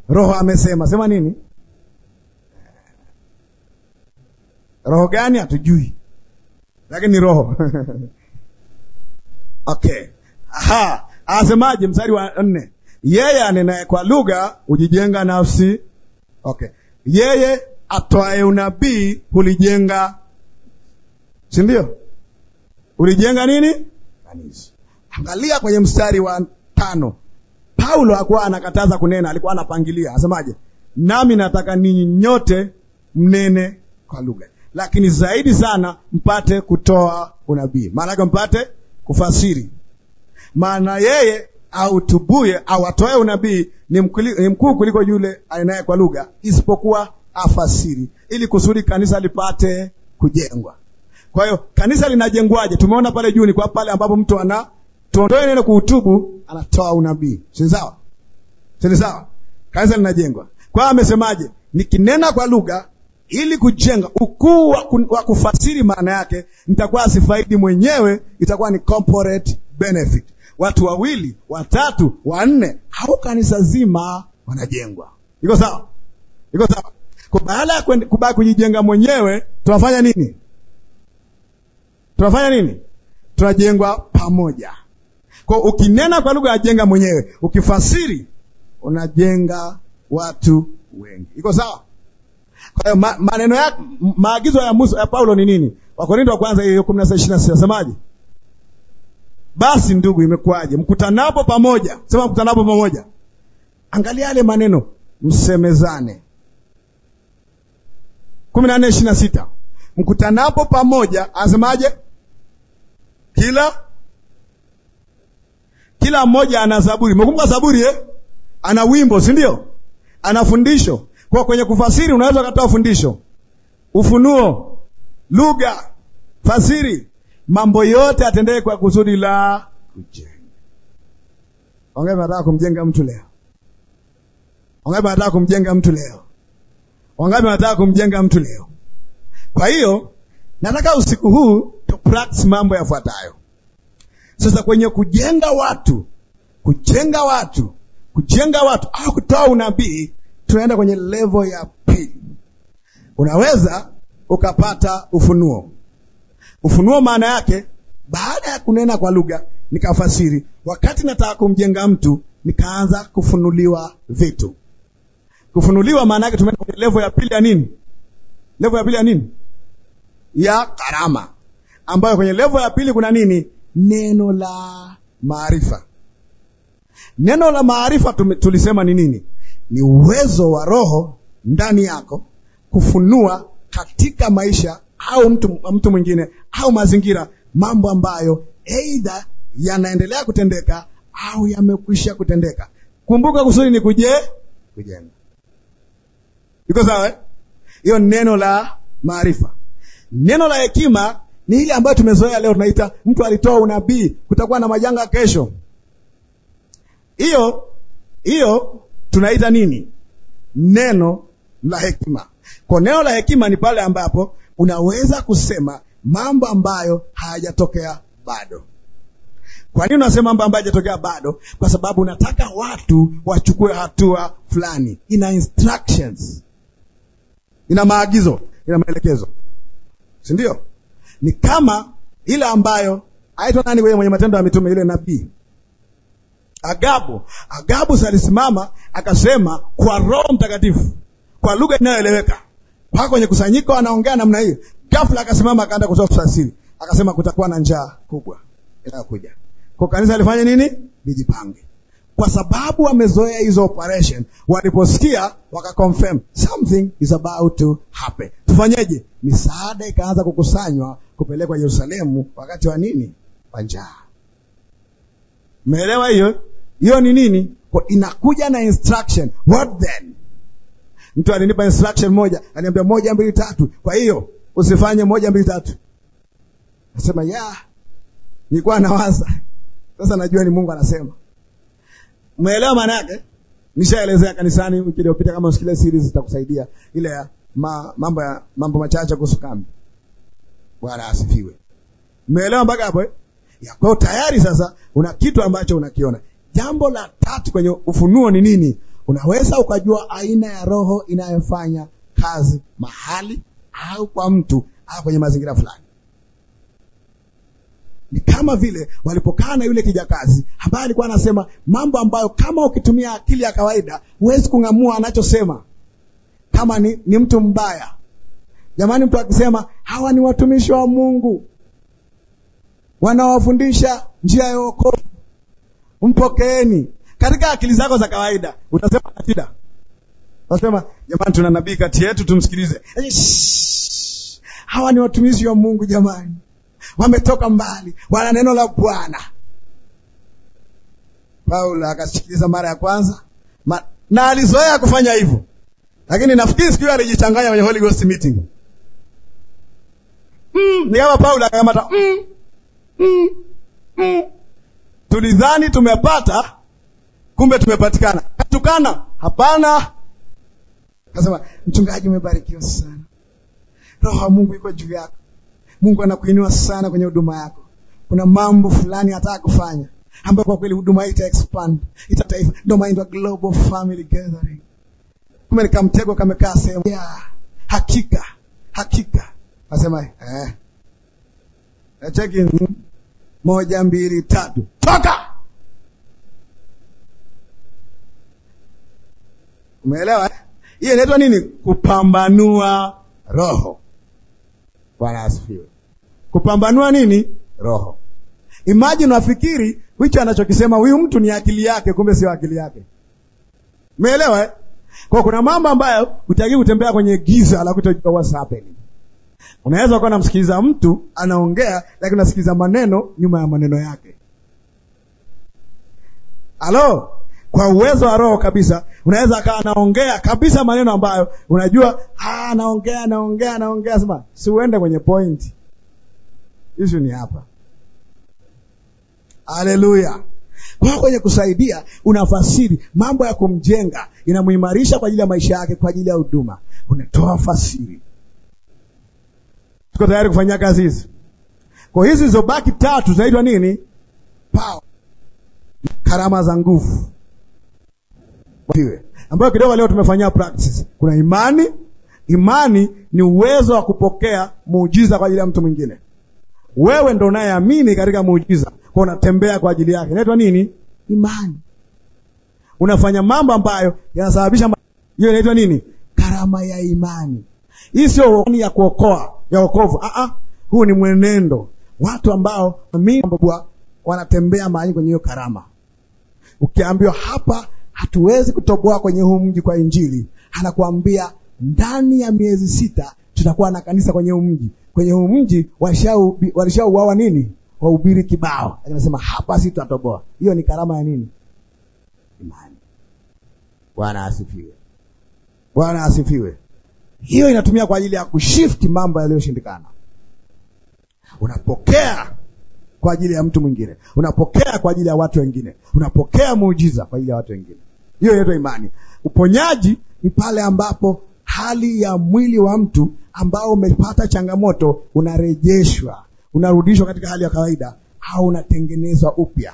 Roho amesema sema nini? Roho gani hatujui, lakini ni roho okay. Aha, asemaje? Mstari wa nne, yeye anenaye kwa lugha hujijenga nafsi. Okay, yeye atwaye unabii hulijenga, si ndio? Ulijenga nini? Kanisa. Angalia kwenye mstari wa tano, Paulo hakuwa anakataza kunena, alikuwa anapangilia. Asemaje? Nami nataka ninyi nyote mnene kwa lugha, lakini zaidi sana mpate kutoa unabii, maana mpate kufasiri. Maana yeye autubuye au atoe unabii ni mkuu kuliko yule anenaye kwa lugha, isipokuwa afasiri, ili kusudi kanisa lipate kujengwa. Kwa hiyo kanisa linajengwaje? Tumeona pale juu ni kwa pale ambapo mtu ana tuondoe neno kuhutubu, anatoa unabii. Si sawa? Si sawa? Kanisa linajengwa. Kwa amesemaje? Nikinena kwa lugha ili kujenga ukuu wa kufasiri maana yake, nitakuwa sifaidi mwenyewe, itakuwa ni corporate benefit. Watu wawili, watatu, wanne au kanisa zima wanajengwa. Iko sawa? Iko sawa? Kwa baada ya kubaki kujijenga mwenyewe, tunafanya nini? Tunafanya nini? Tunajengwa pamoja. Kwa ukinena kwa lugha yajenga mwenyewe, ukifasiri unajenga watu wengi. Iko sawa? Kwa hiyo ma, maneno ya maagizo ya Musa ya Paulo ni nini? Wakorintho wa kwanza hiyo 16:26 nasemaje? Basi ndugu, imekuwaje mkutanapo pamoja? Sema mkutanapo pamoja. Angalia yale maneno, msemezane. 14:26 mkutanapo pamoja, anasemaje? Kila kila mmoja ana zaburi. Mkumbuka zaburi eh? Ana wimbo, si ndio? Ana fundisho. Kwa kwenye kufasiri unaweza ukatoa fundisho, ufunuo, lugha, fasiri, mambo yote atendee kwa kusudi la kujenga. Wangapi wanataka kumjenga mtu leo? Wangapi wanataka kumjenga mtu leo? Wangapi wanataka kumjenga mtu leo? Kwa hiyo nataka usiku huu to practice mambo yafuatayo. Sasa kwenye kujenga watu, kujenga watu, kujenga watu au kutoa unabii, tunaenda kwenye level ya pili. Unaweza ukapata ufunuo. Ufunuo maana yake baada ya kunena kwa lugha nikafasiri, wakati nataka kumjenga mtu nikaanza kufunuliwa vitu. Kufunuliwa maana yake tumeenda kwenye level ya pili ya nini? Level ya pili ya nini? Ya karama, ambayo kwenye level ya pili kuna nini? neno la maarifa. Neno la maarifa tulisema ni nini? Ni uwezo wa Roho ndani yako kufunua katika maisha au mtu, mtu mwingine au mazingira mambo ambayo aidha yanaendelea kutendeka au yamekwisha kutendeka. Kumbuka kusudi ni kuje kujenga. Iko sawa? Eh? Hiyo neno la maarifa. Neno la hekima ni ile ambayo tumezoea leo, tunaita mtu alitoa unabii, kutakuwa na majanga kesho. Hiyo hiyo tunaita nini? Neno la hekima. Kwa neno la hekima ni pale ambapo unaweza kusema mambo ambayo hayajatokea bado. Kwa nini unasema mambo ambayo hayajatokea bado? Kwa sababu unataka watu wachukue hatua fulani. Ina instructions, ina maagizo, ina maelekezo, si ndio? ni kama ile ambayo aitwa nani wewe mwenye matendo ya mitume ile nabii Agabu. Agabus alisimama akasema kwa Roho Mtakatifu kwa lugha inayoeleweka, kwa kwenye kusanyiko anaongea namna hiyo. Ghafla akasimama akaenda kutoa ufasiri, akasema kutakuwa na njaa kubwa inayokuja. Kwa kanisa alifanya nini? Lijipange, kwa sababu wamezoea hizo operation. Waliposikia wakaconfirm something is about to happen tufanyeje? Misaada ikaanza kukusanywa kupelekwa Yerusalemu wakati wa nini? Wa njaa. Umeelewa hiyo? Hiyo ni nini? Kwa inakuja na instruction. What then? Mtu alinipa instruction moja, aliniambia moja mbili tatu, kwa hiyo usifanye moja mbili tatu. Nasema ya nilikuwa nawaza, sasa najua ni Mungu anasema. Umeelewa maana yake? Nishaelezea kanisani wiki iliyopita, kama usikile series zitakusaidia ile ya ma, mambo ya mambo machache kuhusu kambi. Bwana asifiwe. Mmeelewa mpaka hapo eh? Ya, kwa tayari sasa una kitu ambacho unakiona. Jambo la tatu kwenye ufunuo ni nini? Unaweza ukajua aina ya roho inayofanya kazi mahali au kwa mtu au kwenye mazingira fulani. Ni kama vile walipokaa na yule kijakazi ambaye alikuwa anasema mambo ambayo kama ukitumia akili ya kawaida huwezi kung'amua anachosema kama ni, ni mtu mbaya. Jamani, mtu akisema hawa ni watumishi wa Mungu wanawafundisha njia ya wokovu, mpokeeni. Katika akili zako za kawaida utasema na shida, utasema jamani, tuna nabii kati yetu, tumsikilize. Hawa ni watumishi wa Mungu jamani, wametoka mbali, wana neno la Bwana. Paulo akasikiliza mara ya kwanza ma... na alizoea kufanya hivyo lakini nafikiri sijui alijichanganya kwenye Holy Ghost meeting. Mm, ni kama Paulo akamata mm, mm, mm. Tulidhani tumepata kumbe tumepatikana. Katukana? Hapana. Akasema, mchungaji, umebarikiwa sana, roho ya Mungu iko juu yako, Mungu anakuinua sana kwenye huduma yako. Kuna mambo fulani hataka kufanya ambayo kwa kweli huduma hii ita expand itataifa, ndio maana global family gathering kumbe nikamtego kamekaa sehemu ya hakika hakika. Nasema eh, nacheki moja mbili tatu, toka. Umeelewa? Eh? Hiyo inaitwa nini? Kupambanua roho. Bwana asifiwe. Kupambanua nini? Roho. Imagine unafikiri hicho anachokisema huyu mtu ni akili yake, kumbe sio akili yake. Umeelewa? Eh? Kwa kuna mambo ambayo utaki kutembea kwenye giza la kutojua what's happening. Unaweza kuwa unamsikiliza mtu anaongea, lakini unasikiliza maneno nyuma ya maneno yake. Halo, kwa uwezo wa roho kabisa, unaweza akawa anaongea kabisa maneno ambayo unajua anaongea ah, anaongea anaongea, sema si uende kwenye point. Issue ni hapa. Hallelujah. Kwa hiyo kwenye kusaidia unafasiri mambo ya kumjenga, inamuimarisha kwa ajili ya maisha yake, kwa ajili ya huduma, unatoa fasiri. Tuko tayari kufanya kazi hizi. Kwa hizi zilizobaki tatu zinaitwa nini? Pao, karama za nguvu, ambayo kidogo leo tumefanyia practice. Kuna imani. Imani ni uwezo wa kupokea muujiza kwa ajili ya mtu mwingine. Wewe ndo unayeamini katika muujiza kwa unatembea kwa ajili yake. Inaitwa nini? Imani. Unafanya mambo ambayo yanasababisha hiyo inaitwa nini? Karama ya imani. Hii sio ya kuokoa ya wokovu. Ah ah, huu ni mwenendo. Watu ambao mambobua wanatembea mahali kwenye hiyo karama. Ukiambiwa hapa hatuwezi kutoboa kwenye huu mji kwa Injili, anakuambia ndani ya miezi sita tutakuwa na kanisa kwenye huu mji. Kwenye huu mji walishauawa nini? wahubiri kibao, lakini anasema hapa si tutatoboa. Hiyo ni karama ya nini? Imani. Bwana asifiwe, Bwana asifiwe. Hiyo inatumia kwa ajili ya kushift mambo yaliyoshindikana. Unapokea kwa ajili ya mtu mwingine, unapokea kwa ajili ya watu wengine, unapokea muujiza kwa ajili ya watu wengine. Hiyo inaitwa imani. Uponyaji ni pale ambapo hali ya mwili wa mtu ambao umepata changamoto unarejeshwa unarudishwa katika hali ya kawaida au unatengenezwa upya.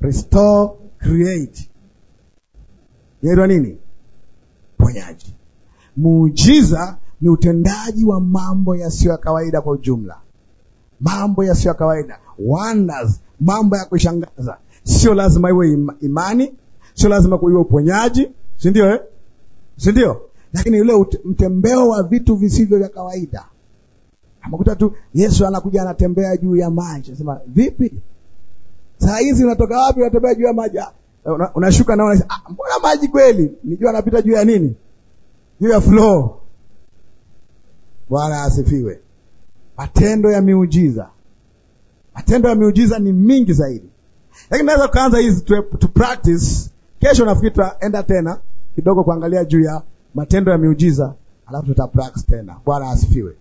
Restore, create. Inaitwa nini? Ponyaji. Muujiza ni utendaji wa mambo yasiyo ya kawaida kwa ujumla, mambo yasiyo ya kawaida wonders, mambo ya kushangaza. Sio lazima iwe imani, sio lazima kuiwe uponyaji, si ndio eh? si ndio? Lakini ule mtembeo wa vitu visivyo vya kawaida amekuta tu Yesu anakuja anatembea juu ya maji. Anasema vipi, saa hizi unatoka wapi? Unatembea juu ya maji? Ah, unashuka una na unasema ah, mbona maji kweli? Nijua anapita juu ya nini? Juu ya flow. Bwana asifiwe. Matendo ya miujiza, matendo ya miujiza ni mingi zaidi, lakini naweza kuanza hizi to, to practice. Kesho nafikiri tutaenda tena kidogo kuangalia juu ya matendo ya miujiza, alafu tuta practice tena. Bwana asifiwe.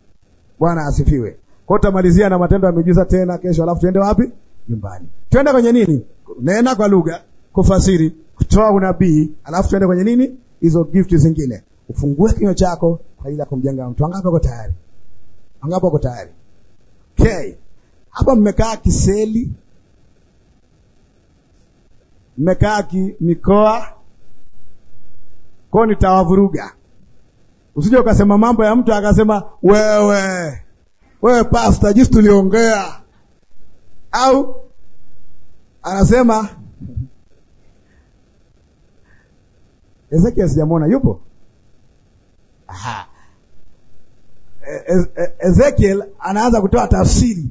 Bwana asifiwe. Kwa tutamalizia na matendo ya miujiza tena kesho, alafu tuende wapi? Nyumbani. Tuende kwenye nini? Nena kwa lugha, kufasiri, kutoa unabii, alafu tuende kwenye nini? Hizo gift zingine. Ufungue kinywa chako kwa ajili ya kumjenga mtu. Wangapi uko tayari? Wangapi uko tayari? Okay. Hapa mmekaa kiseli, mmekaa kimikoa, kwa nitawavuruga Usije ukasema mambo ya mtu akasema wewe wewe pastor, jinsi tuliongea, au anasema Ezekiel sijamwona yupo. Aha. E, e, e, Ezekiel anaanza kutoa tafsiri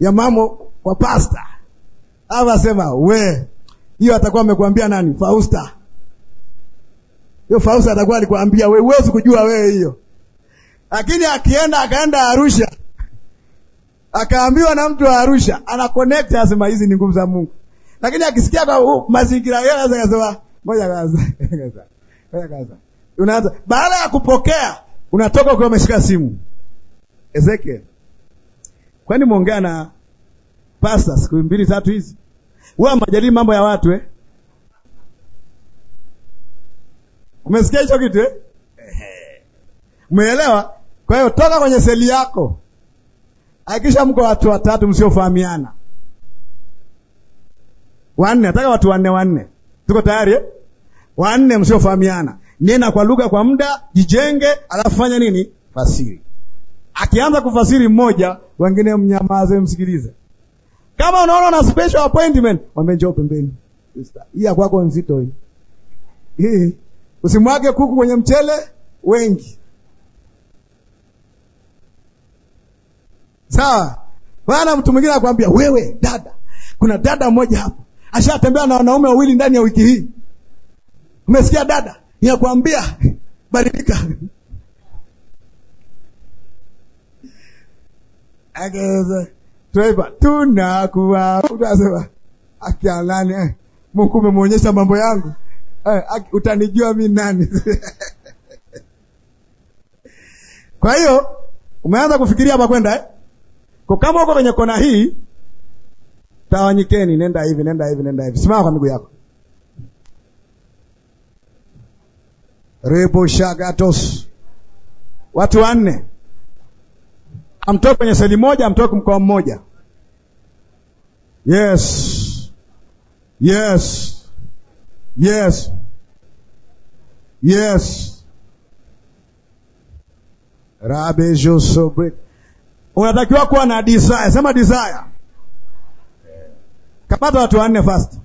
ya mambo kwa pasta, alafu asema we, hiyo atakuwa amekuambia nani? Fausta hiyo Fausa atakuwa alikwambia wewe huwezi kujua wewe hiyo. Lakini akienda akaenda Arusha. Akaambiwa na mtu wa Arusha, ana connect asema hizi ni nguvu za Mungu. Lakini akisikia kwa uh, mazingira yeye anaweza kusema ngoja kwanza. Ngoja kwanza. Unaanza baada ya kupokea unatoka ukiwa umeshika simu. Ezekiel. Kwani muongea na pastor siku mbili tatu hizi? Wewe majadili mambo ya watu eh? Umesikia hicho kitu eh? Umeelewa? Kwa hiyo toka kwenye seli yako, hakikisha mko watu watatu msiofahamiana, wanne, nataka watu wanne, wanne. Tuko tayari eh? Wanne msiofahamiana, nena kwa lugha kwa muda, jijenge, alafu fanya nini? Fasiri. Akianza kufasiri mmoja, wengine mnyamaze, msikilize. Kama unaona na special appointment, wambe njoo pembeni, hii kwako nzito hii hii Usimwage kuku kwenye mchele wengi. Sawa bana. Mtu mwingine akwambia wewe, dada, kuna dada mmoja hapa ashatembea na wanaume wawili ndani ya wiki hii. Umesikia dada? Ninakwambia badilika. Tunakuwa akialani eh, Mungu umemwonyesha mambo yangu Eh, utanijua mi nani? Kwa hiyo umeanza kufikiria hapa kwenda eh? Kwa kama uko kwenye kona hii, tawanyikeni, nenda hivi, nenda hivi, nenda hivi, simama kwa miguu yako. Rebo shagatos, watu wanne, amtoke kwenye seli moja, amtoke mkoa mmoja. Yes, yes Yes. Yes. Rabbi sobre. Unatakiwa kuwa na desire. Sema desire. Kapata watu wanne fast.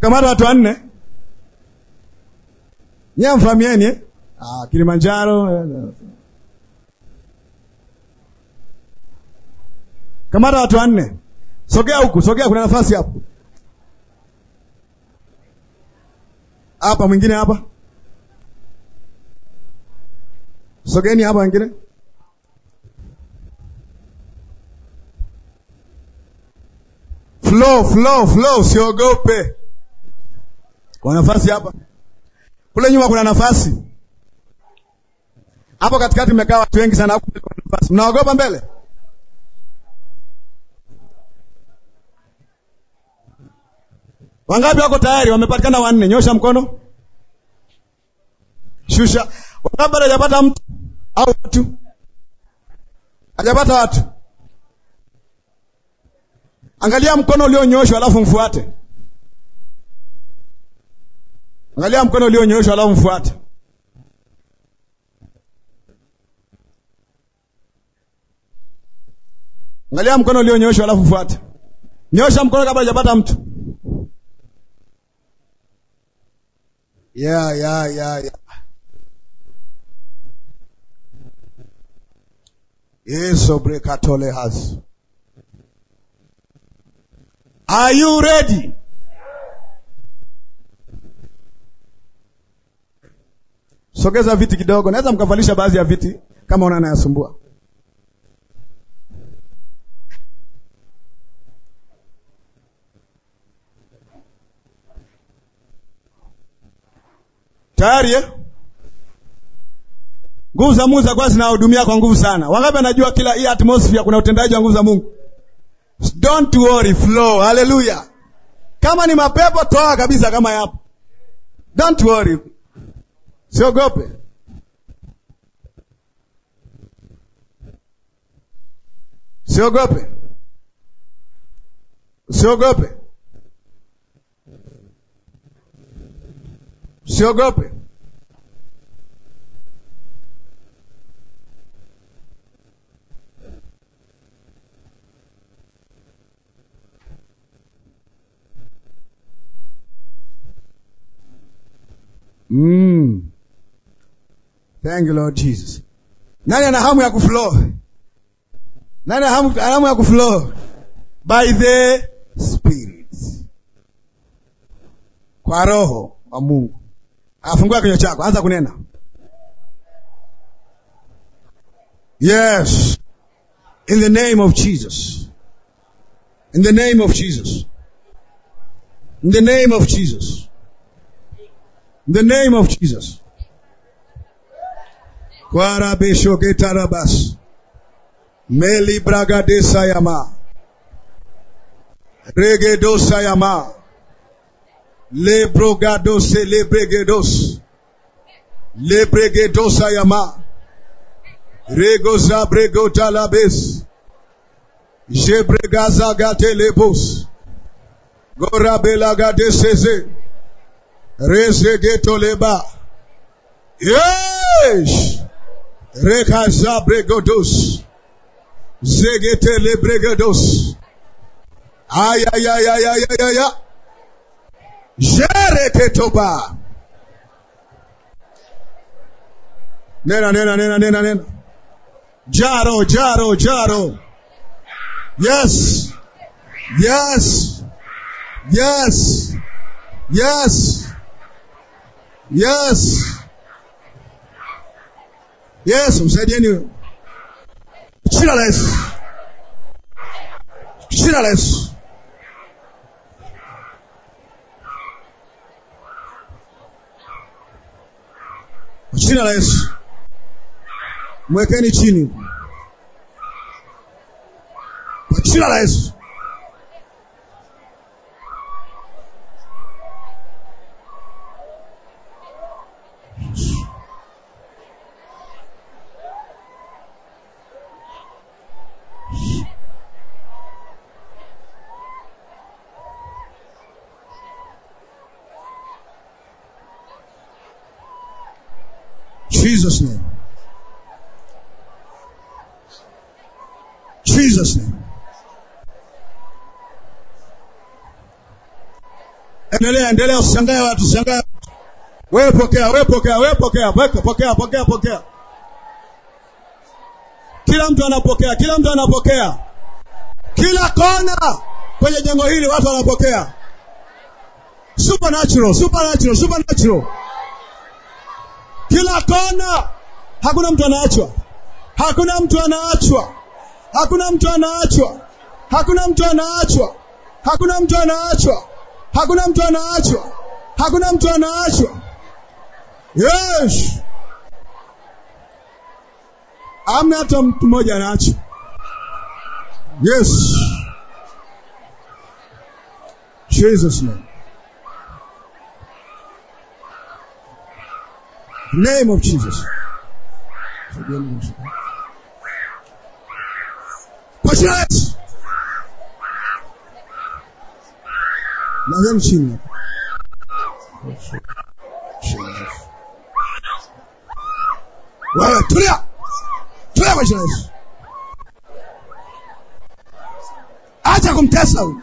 kamata watu wanne nyewe mfahamieni eh? Ah, Kilimanjaro eh, eh. kamata watu wanne, sogea huku, sogea, kuna nafasi hapo hapa, mwingine hapa, sogeni hapa, mwingine flow flow flow, siogope. Kuna nafasi hapa, kule nyuma kuna nafasi hapo, katikati mmekaa watu wengi sana, huko kuna nafasi. Mnaogopa mbele? Wangapi wako tayari? Wamepatikana wanne, nyosha mkono, shusha. Wangapi bado hajapata mtu au watu? Hajapata watu? Angalia mkono ulionyoshwa, alafu mfuate. Angalia mkono ulionyoshwa, alafu mfuate. Angalia mkono ulionyoshwa, alafu mfuate. Nyosha mkono kabla hajapata mtu. Yeah, yeah, yeah, yeah. Yesu brekatole has. Are you ready? Sogeza viti kidogo, naweza mkavalisha baadhi ya viti kama unaona yasumbua. Tayari eh? Nguvu za Mungu zakuwa zinahudumia kwa nguvu sana. Wangapi anajua kila hii atmosphere kuna utendaji wa nguvu za Mungu? Don't worry, flow. Hallelujah. Kama ni mapepo toa kabisa kama yapo. Don't worry. Seu Gope. Seu Gope. Seu Gope. Seu Gope. Thank you Lord Jesus. Nani ana hamu ya kuflow? Nani ana hamu ya kuflow? By the Spirit. Kwa roho wa Mungu. Afungua kinywa chako, anza kunena. Yes. In the name of Jesus. In the name of Jesus. In the name of Jesus. In the name of Jesus. kwarabeshogetarabas melibragadesayama regedosayama lebrogadose lebregedos lebregedosayama regozabregotalabes jebregazagatelebos gorabelagadeseze rezegetoleba yesh Rekaza bregodos. Zegete le bregodos. Ay, ay, ay, ay, ay, ay, ay, ay. Jereketoba. Nena, nena, nena, nena, nena. Jaro, jaro, jaro. Yes. Yes. Yes. Yes. Yes. Yesu msaidieni. Jina la Yesu, jina la Yesu. Jina la Yesu, mwekeni chini jina la Yesu. endelea endelea, usishangae watu, shangae wewe, pokea wewe, pokea wewe, pokea pokea pokea pokea pokea. Kila mtu anapokea, kila mtu anapokea, kila kona kwenye jengo hili watu wanapokea. Supernatural, supernatural, supernatural, kila kona. Hakuna mtu anaachwa, hakuna mtu anaachwa, hakuna mtu anaachwa, hakuna mtu anaachwa, hakuna mtu anaachwa hakuna mtu anaachwa, hakuna mtu anaachwa. Yes, amna hata mtu mmoja anaachwa. Yes, Jesus name, name of Jesus. Kwa jina la Yesu. Lazam chini wewe, tulia tulia, kwa jina acha kumtesa huyu,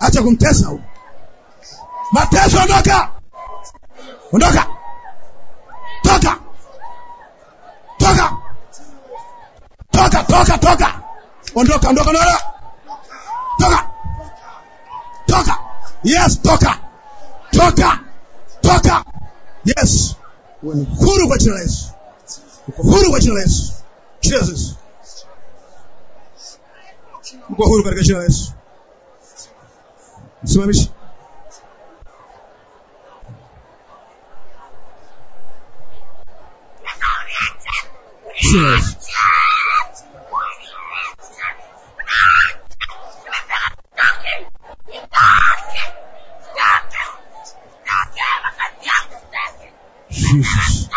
acha kumtesa huyu. Mateso, ondoka, ondoka, toka, toka, toka, toka, toka, ondoka, ondoka, ondoka. Yes, talker, talker, talker. Yes. Who do jina la Yesu. Who do jina la Yesu. Jesus. Mko huru katika jina la Jesus. Jesus.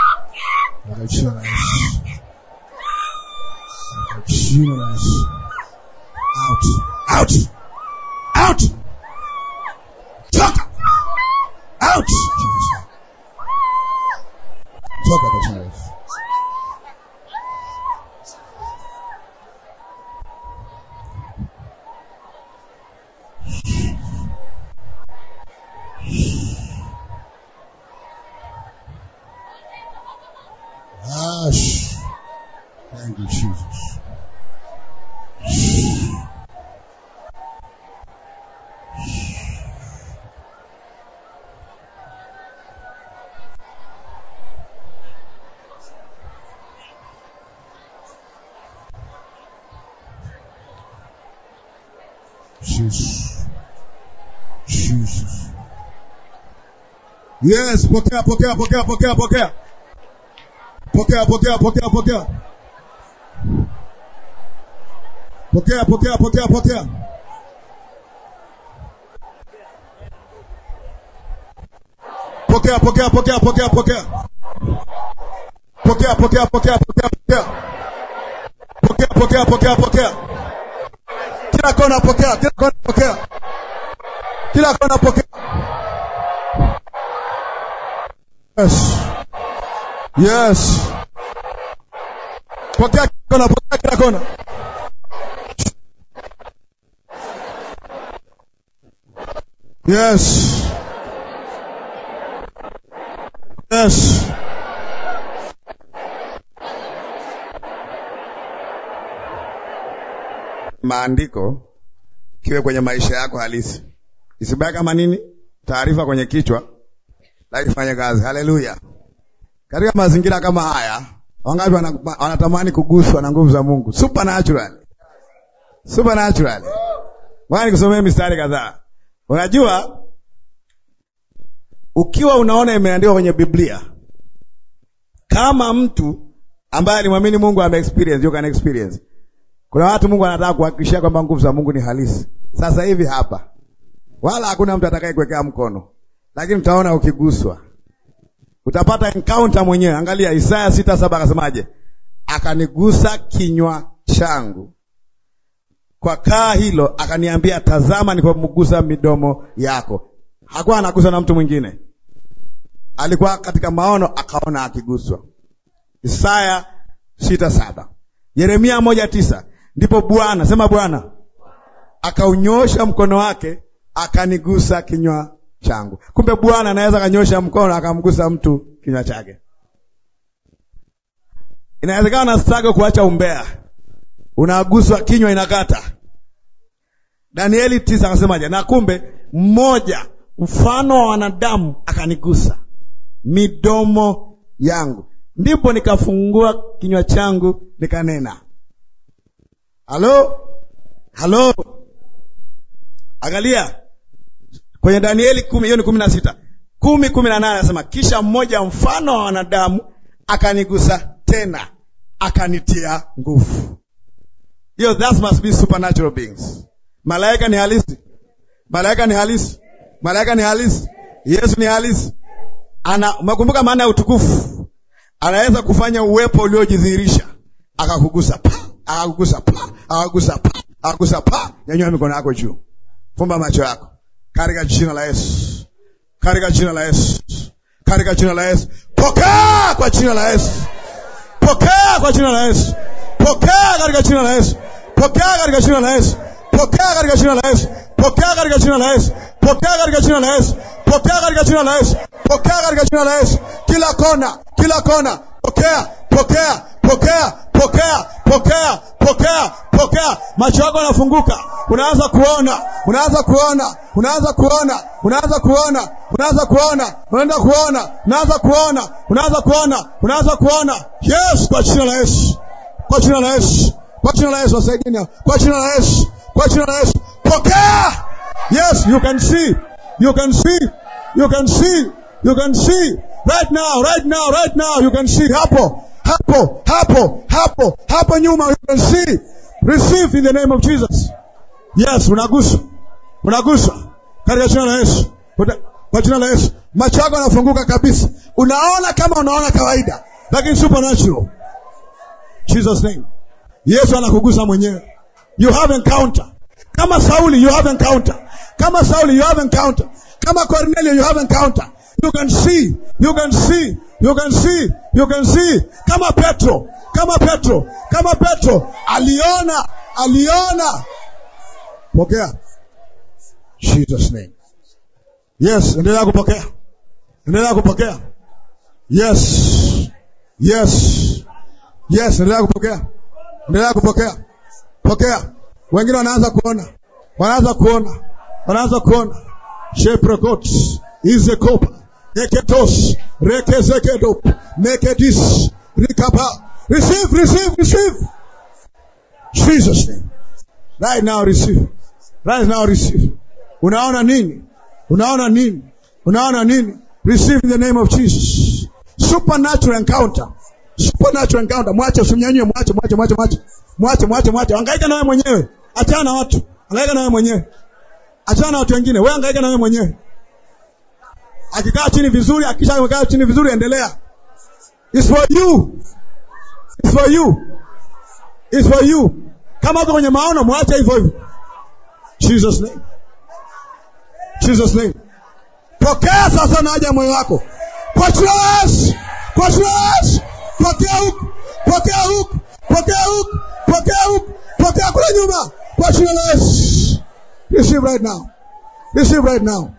Ela Out. Out. Yes, pokea pokea pokea pokea pokea. Pokea pokea pokea pokea. Pokea pokea pokea pokea. Pokea pokea pokea pokea pokea. Pokea pokea pokea pokea pokea. Pokea pokea pokea pokea. Kila kona pokea, kila kona pokea. Kila kona pokea. Yes. Yes. Pokea kona, pokea kila kona. Yes. Yes. Maandiko kiwe kwenye maisha yako halisi, isibaki kama nini, taarifa kwenye kichwa laifanye kazi. Haleluya! Katika mazingira kama haya, wangapi wanatamani kuguswa na nguvu za Mungu? Supernatural, supernatural. Bwana, nikusomee mistari kadhaa. Unajua, ukiwa unaona imeandikwa kwenye Biblia kama mtu ambaye alimwamini Mungu ame experience, you can experience. Kuna watu Mungu anataka kuhakikishia kwamba nguvu za Mungu ni halisi. Sasa hivi hapa, wala hakuna mtu atakayekuwekea mkono lakini utaona ukiguswa, utapata encounter mwenyewe. Angalia Isaya sita saba akasemaje? Akanigusa kinywa changu kwa kaa hilo, akaniambia tazama, nilipomgusa midomo yako. Hakuwa anagusa na mtu mwingine, alikuwa katika maono, akaona akiguswa. Isaya sita saba. Yeremia moja tisa ndipo Bwana sema Bwana akaunyosha mkono wake akanigusa kinywa changu. Kumbe Bwana anaweza akanyosha mkono akamgusa mtu kinywa chake. Inawezekana na struggle kuacha umbea, unaguswa kinywa inakata. Danieli tisa akasemaje? Na kumbe mmoja mfano wa wanadamu akanigusa midomo yangu, ndipo nikafungua kinywa changu nikanena. Halo halo, angalia kwenye Danieli kumi, hiyo ni kumi na sita kumi kumi na nane anasema kisha mmoja mfano wa wanadamu akanigusa tena akanitia nguvu. Hiyo that must be supernatural beings. Malaika ni halisi, malaika ni halisi, malaika ni halisi, Yesu ni halisi. Ana makumbuka maana ya utukufu, anaweza kufanya uwepo uliojidhihirisha, akakugusa pa, akakugusa pa, akakugusa pa, akakugusa pa. Nyanyua mikono yako juu, fumba macho yako cargadinalaes, cargadinalaes, cargadinalaes, pocá guadinalaes, pocá guadinalaes, pocá cargadinalaes, pocá cargadinalaes, pocá cargadinalaes, pocá cargadinalaes, pocá cargadinalaes, pocá cargadinalaes, pocá cargadinalaes, quilacona, quilacona, pocá, pocá, pocá, pokea, pokea, pokea, pokea. Macho yako yanafunguka, unaanza kuona, unaanza kuona, unaanza kuona, unaanza kuona, unaanza kuona, unaenda kuona, unaanza kuona, unaanza kuona, unaanza kuona. Yes, kwa jina la Yesu, kwa jina la Yesu, kwa jina la Yesu, wasaidieni, kwa jina la Yesu, kwa jina la Yesu, pokea. Yes, you can see, you can see, you can see, you can see right now, right now, right now, you can see hapo hapo hapo hapo hapo nyuma, you can see receive in the name of Jesus. Yes, unaguswa unaguswa katika jina la Yesu, kwa jina la Yesu macho yako yanafunguka kabisa, unaona kama unaona kawaida, lakini supernatural. Jesus name. Yesu anakugusa mwenyewe, you have encounter kama Sauli, you have encounter kama Sauli, you have encounter kama Cornelio, you have encounter you can see, you can see, you can see, you can see. Kama Petro, kama Petro, kama Petro aliona, aliona. Pokea Jesus name. Yes, endelea kupokea, endelea kupokea. Yes, yes, yes, endelea kupokea, endelea kupokea, pokea. Wengine wanaanza kuona, wanaanza kuona, wanaanza kuona. is a izekopa Neketos, rekezekedop, mekedis, rikaba. Receive, receive, receive. Jesus name. Right now receive. Right now receive. Unaona nini? Unaona nini? Unaona nini? Receive in the name of Jesus. Supernatural encounter. Supernatural encounter. Mwache usimnyanyue, mwache, mwache, mwache, mwache. Mwache, mwache, mwache. Angaika na wewe mwenyewe. Achana na watu. na wewe mwenyewe. Achana na watu wengine. Wewe angaika na wewe mwenyewe. Akikaa chini vizuri, akisha kaa chini vizuri, endelea. It's for you. It's for you. It's for you. Kama uko kwenye maono mwache hivyo hivyo. Jesus name. Jesus name. Pokea sasa na haja moyo wako. Kwa Jesus. Kwa Jesus. Pokea huku. Pokea huku. Pokea huku. Pokea huku. Pokea kule nyuma. Kwa Jesus. Receive right now. Receive right now.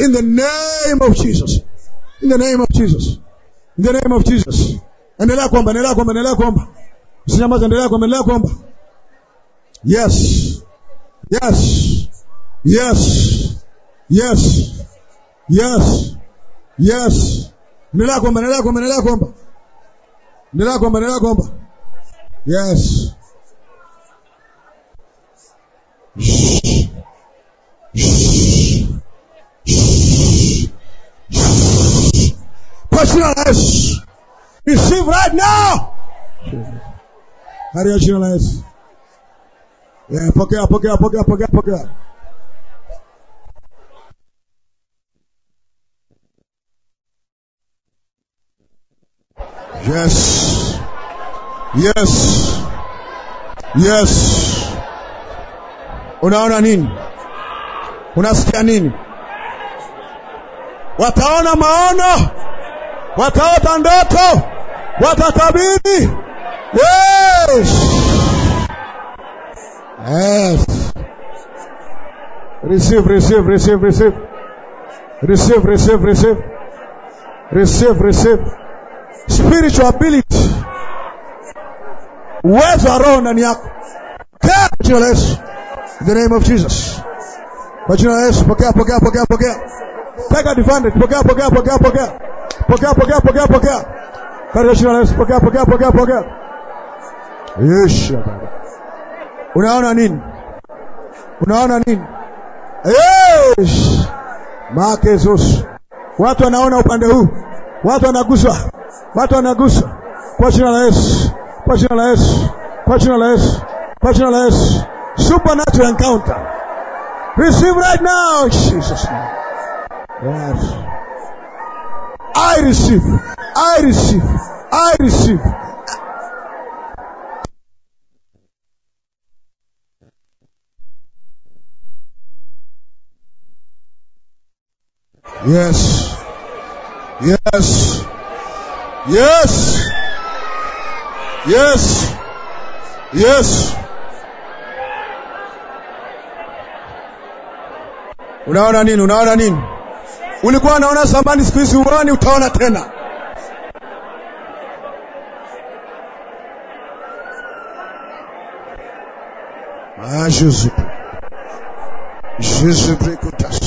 In the name of Jesus. In the name of Jesus. In the name of Jesus. Endelea kuomba, endelea kuomba, endelea kuomba. Usinyamaze, endelea kuomba, endelea kuomba. Yes. Yes. Yes. Yes. Yes. Yes. Endelea kuomba, endelea kuomba, endelea kuomba. Endelea kuomba, endelea kuomba. Yes. Shh. Shh. la Yesu. Receive right now. Katika jina la Yesu. Yeah, pokea, pokea, pokea, pokea, pokea. Yes. Yes. Yes. Unaona nini? Unasikia nini? Wataona maono wataota ndoto, watatabiri. Yes. Yes. Receive, receive, receive, receive. Receive, receive, receive. Receive, receive. Spiritual ability. Uwezo wa roho ndani yako. Kaa jina la Yesu. In the name of Jesus. Kwa jina la Yesu, pokea, pokea, pokea, pokea. Take advantage, pokea, pokea, pokea, pokea. pokea, pokea, pokea, pokea katika jina la Yesu, pokea, pokea, pokea, pokea. Yesu Baba, unaona nini? Unaona nini? Yesu Jesus. watu wanaona upande huu, watu wanaguswa, watu wanaguswa kwa jina la Yesu, kwa jina la Yesu, kwa jina la Yesu, kwa jina la Yesu. Supernatural encounter receive right now, Jesus name. Yes. I receive. I receive. I receive. Yes. Yes. Yes. Yes. Yes. Unaona nini? Unaona nini? ulikuwa unaona zamani, siku hizi uoni, utaona tena. Jésus. Jésus Brikutas.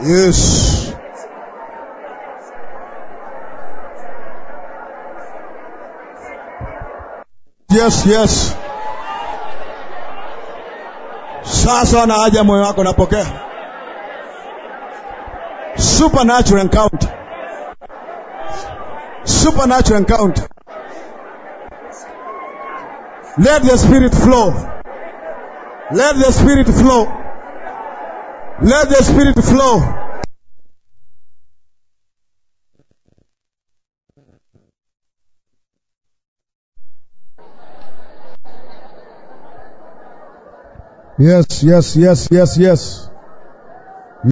Yes. Yes, yes sasa na haja moyo wako, napokea supernatural encounter, supernatural encounter. Let the spirit flow, let the spirit flow, let the spirit flow. Yes, yes, yes, yes, yes.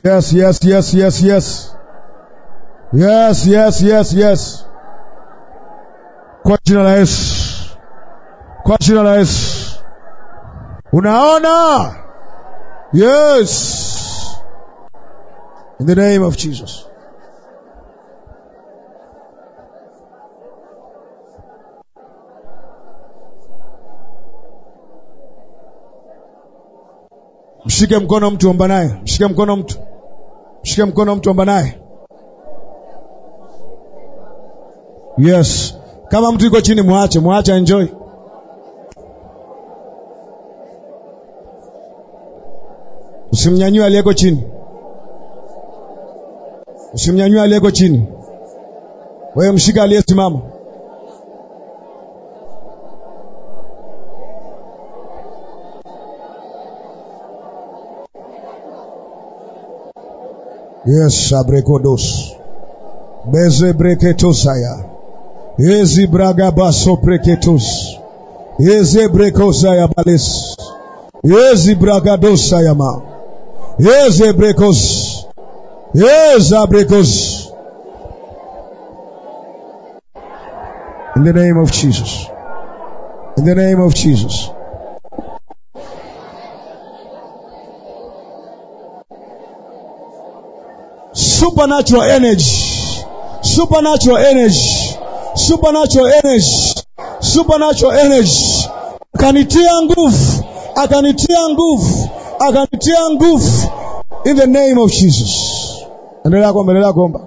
Yes, yes, yes, yes, yes. Yes, yes, yes, yes. Kwa la Yesu, kwa jina la Yesu. Unaona? Yes. In the name of Jesus. Mshike mkono mtu, omba naye. Mshike mkono mtu, mshike mkono mtu, omba naye. Yes, kama mtu yuko chini, mwache, mwache, enjoy. Usimnyanyue aliyeko chini, usimnyanyue aliyeko chini. Wewe mshika aliyesimama. Yes, Sabrekodos. Bezebreketosaya. Ezi bragabaso preketos. Ezi brekosaya balis. Ezi bragadosaya ma. Ezi brekos. Ezi abrekos. In the name of Jesus. In the name of Jesus. supernatural energy, supernatural energy, supernatural energy, supernatural energy, akanitia nguvu, akanitia nguvu, akanitia nguvu in the name of Jesus. Endelea kuomba, endelea kuomba.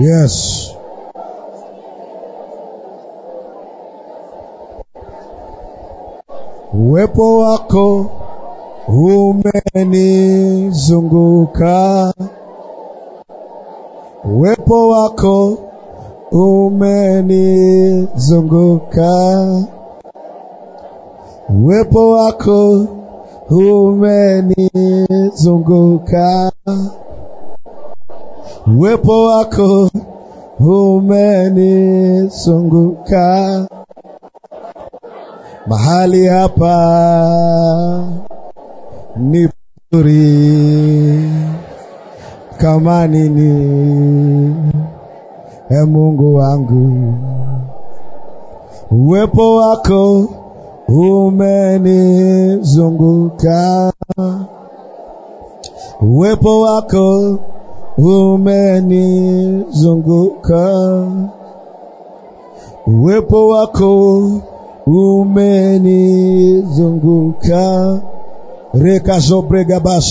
Yes. Uwepo wako umenizunguka, uwepo wako umenizunguka, uwepo wako umenizunguka, uwepo wako umenizunguka mahali hapa ni pazuri kama nini, e Mungu wangu, uwepo wako umenizunguka, uwepo wako umenizunguka, uwepo wako umenizunguka rekazobregabas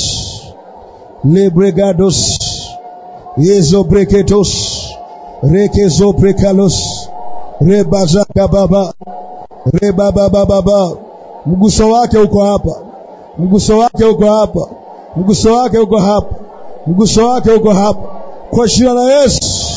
lebregados yezobreketos rekezobrekalos rebazakababa rebababababa mguso wake uko hapa mguso wake uko hapa mguso wake uko hapa mguso wake uko hapa kwa jina la Yesu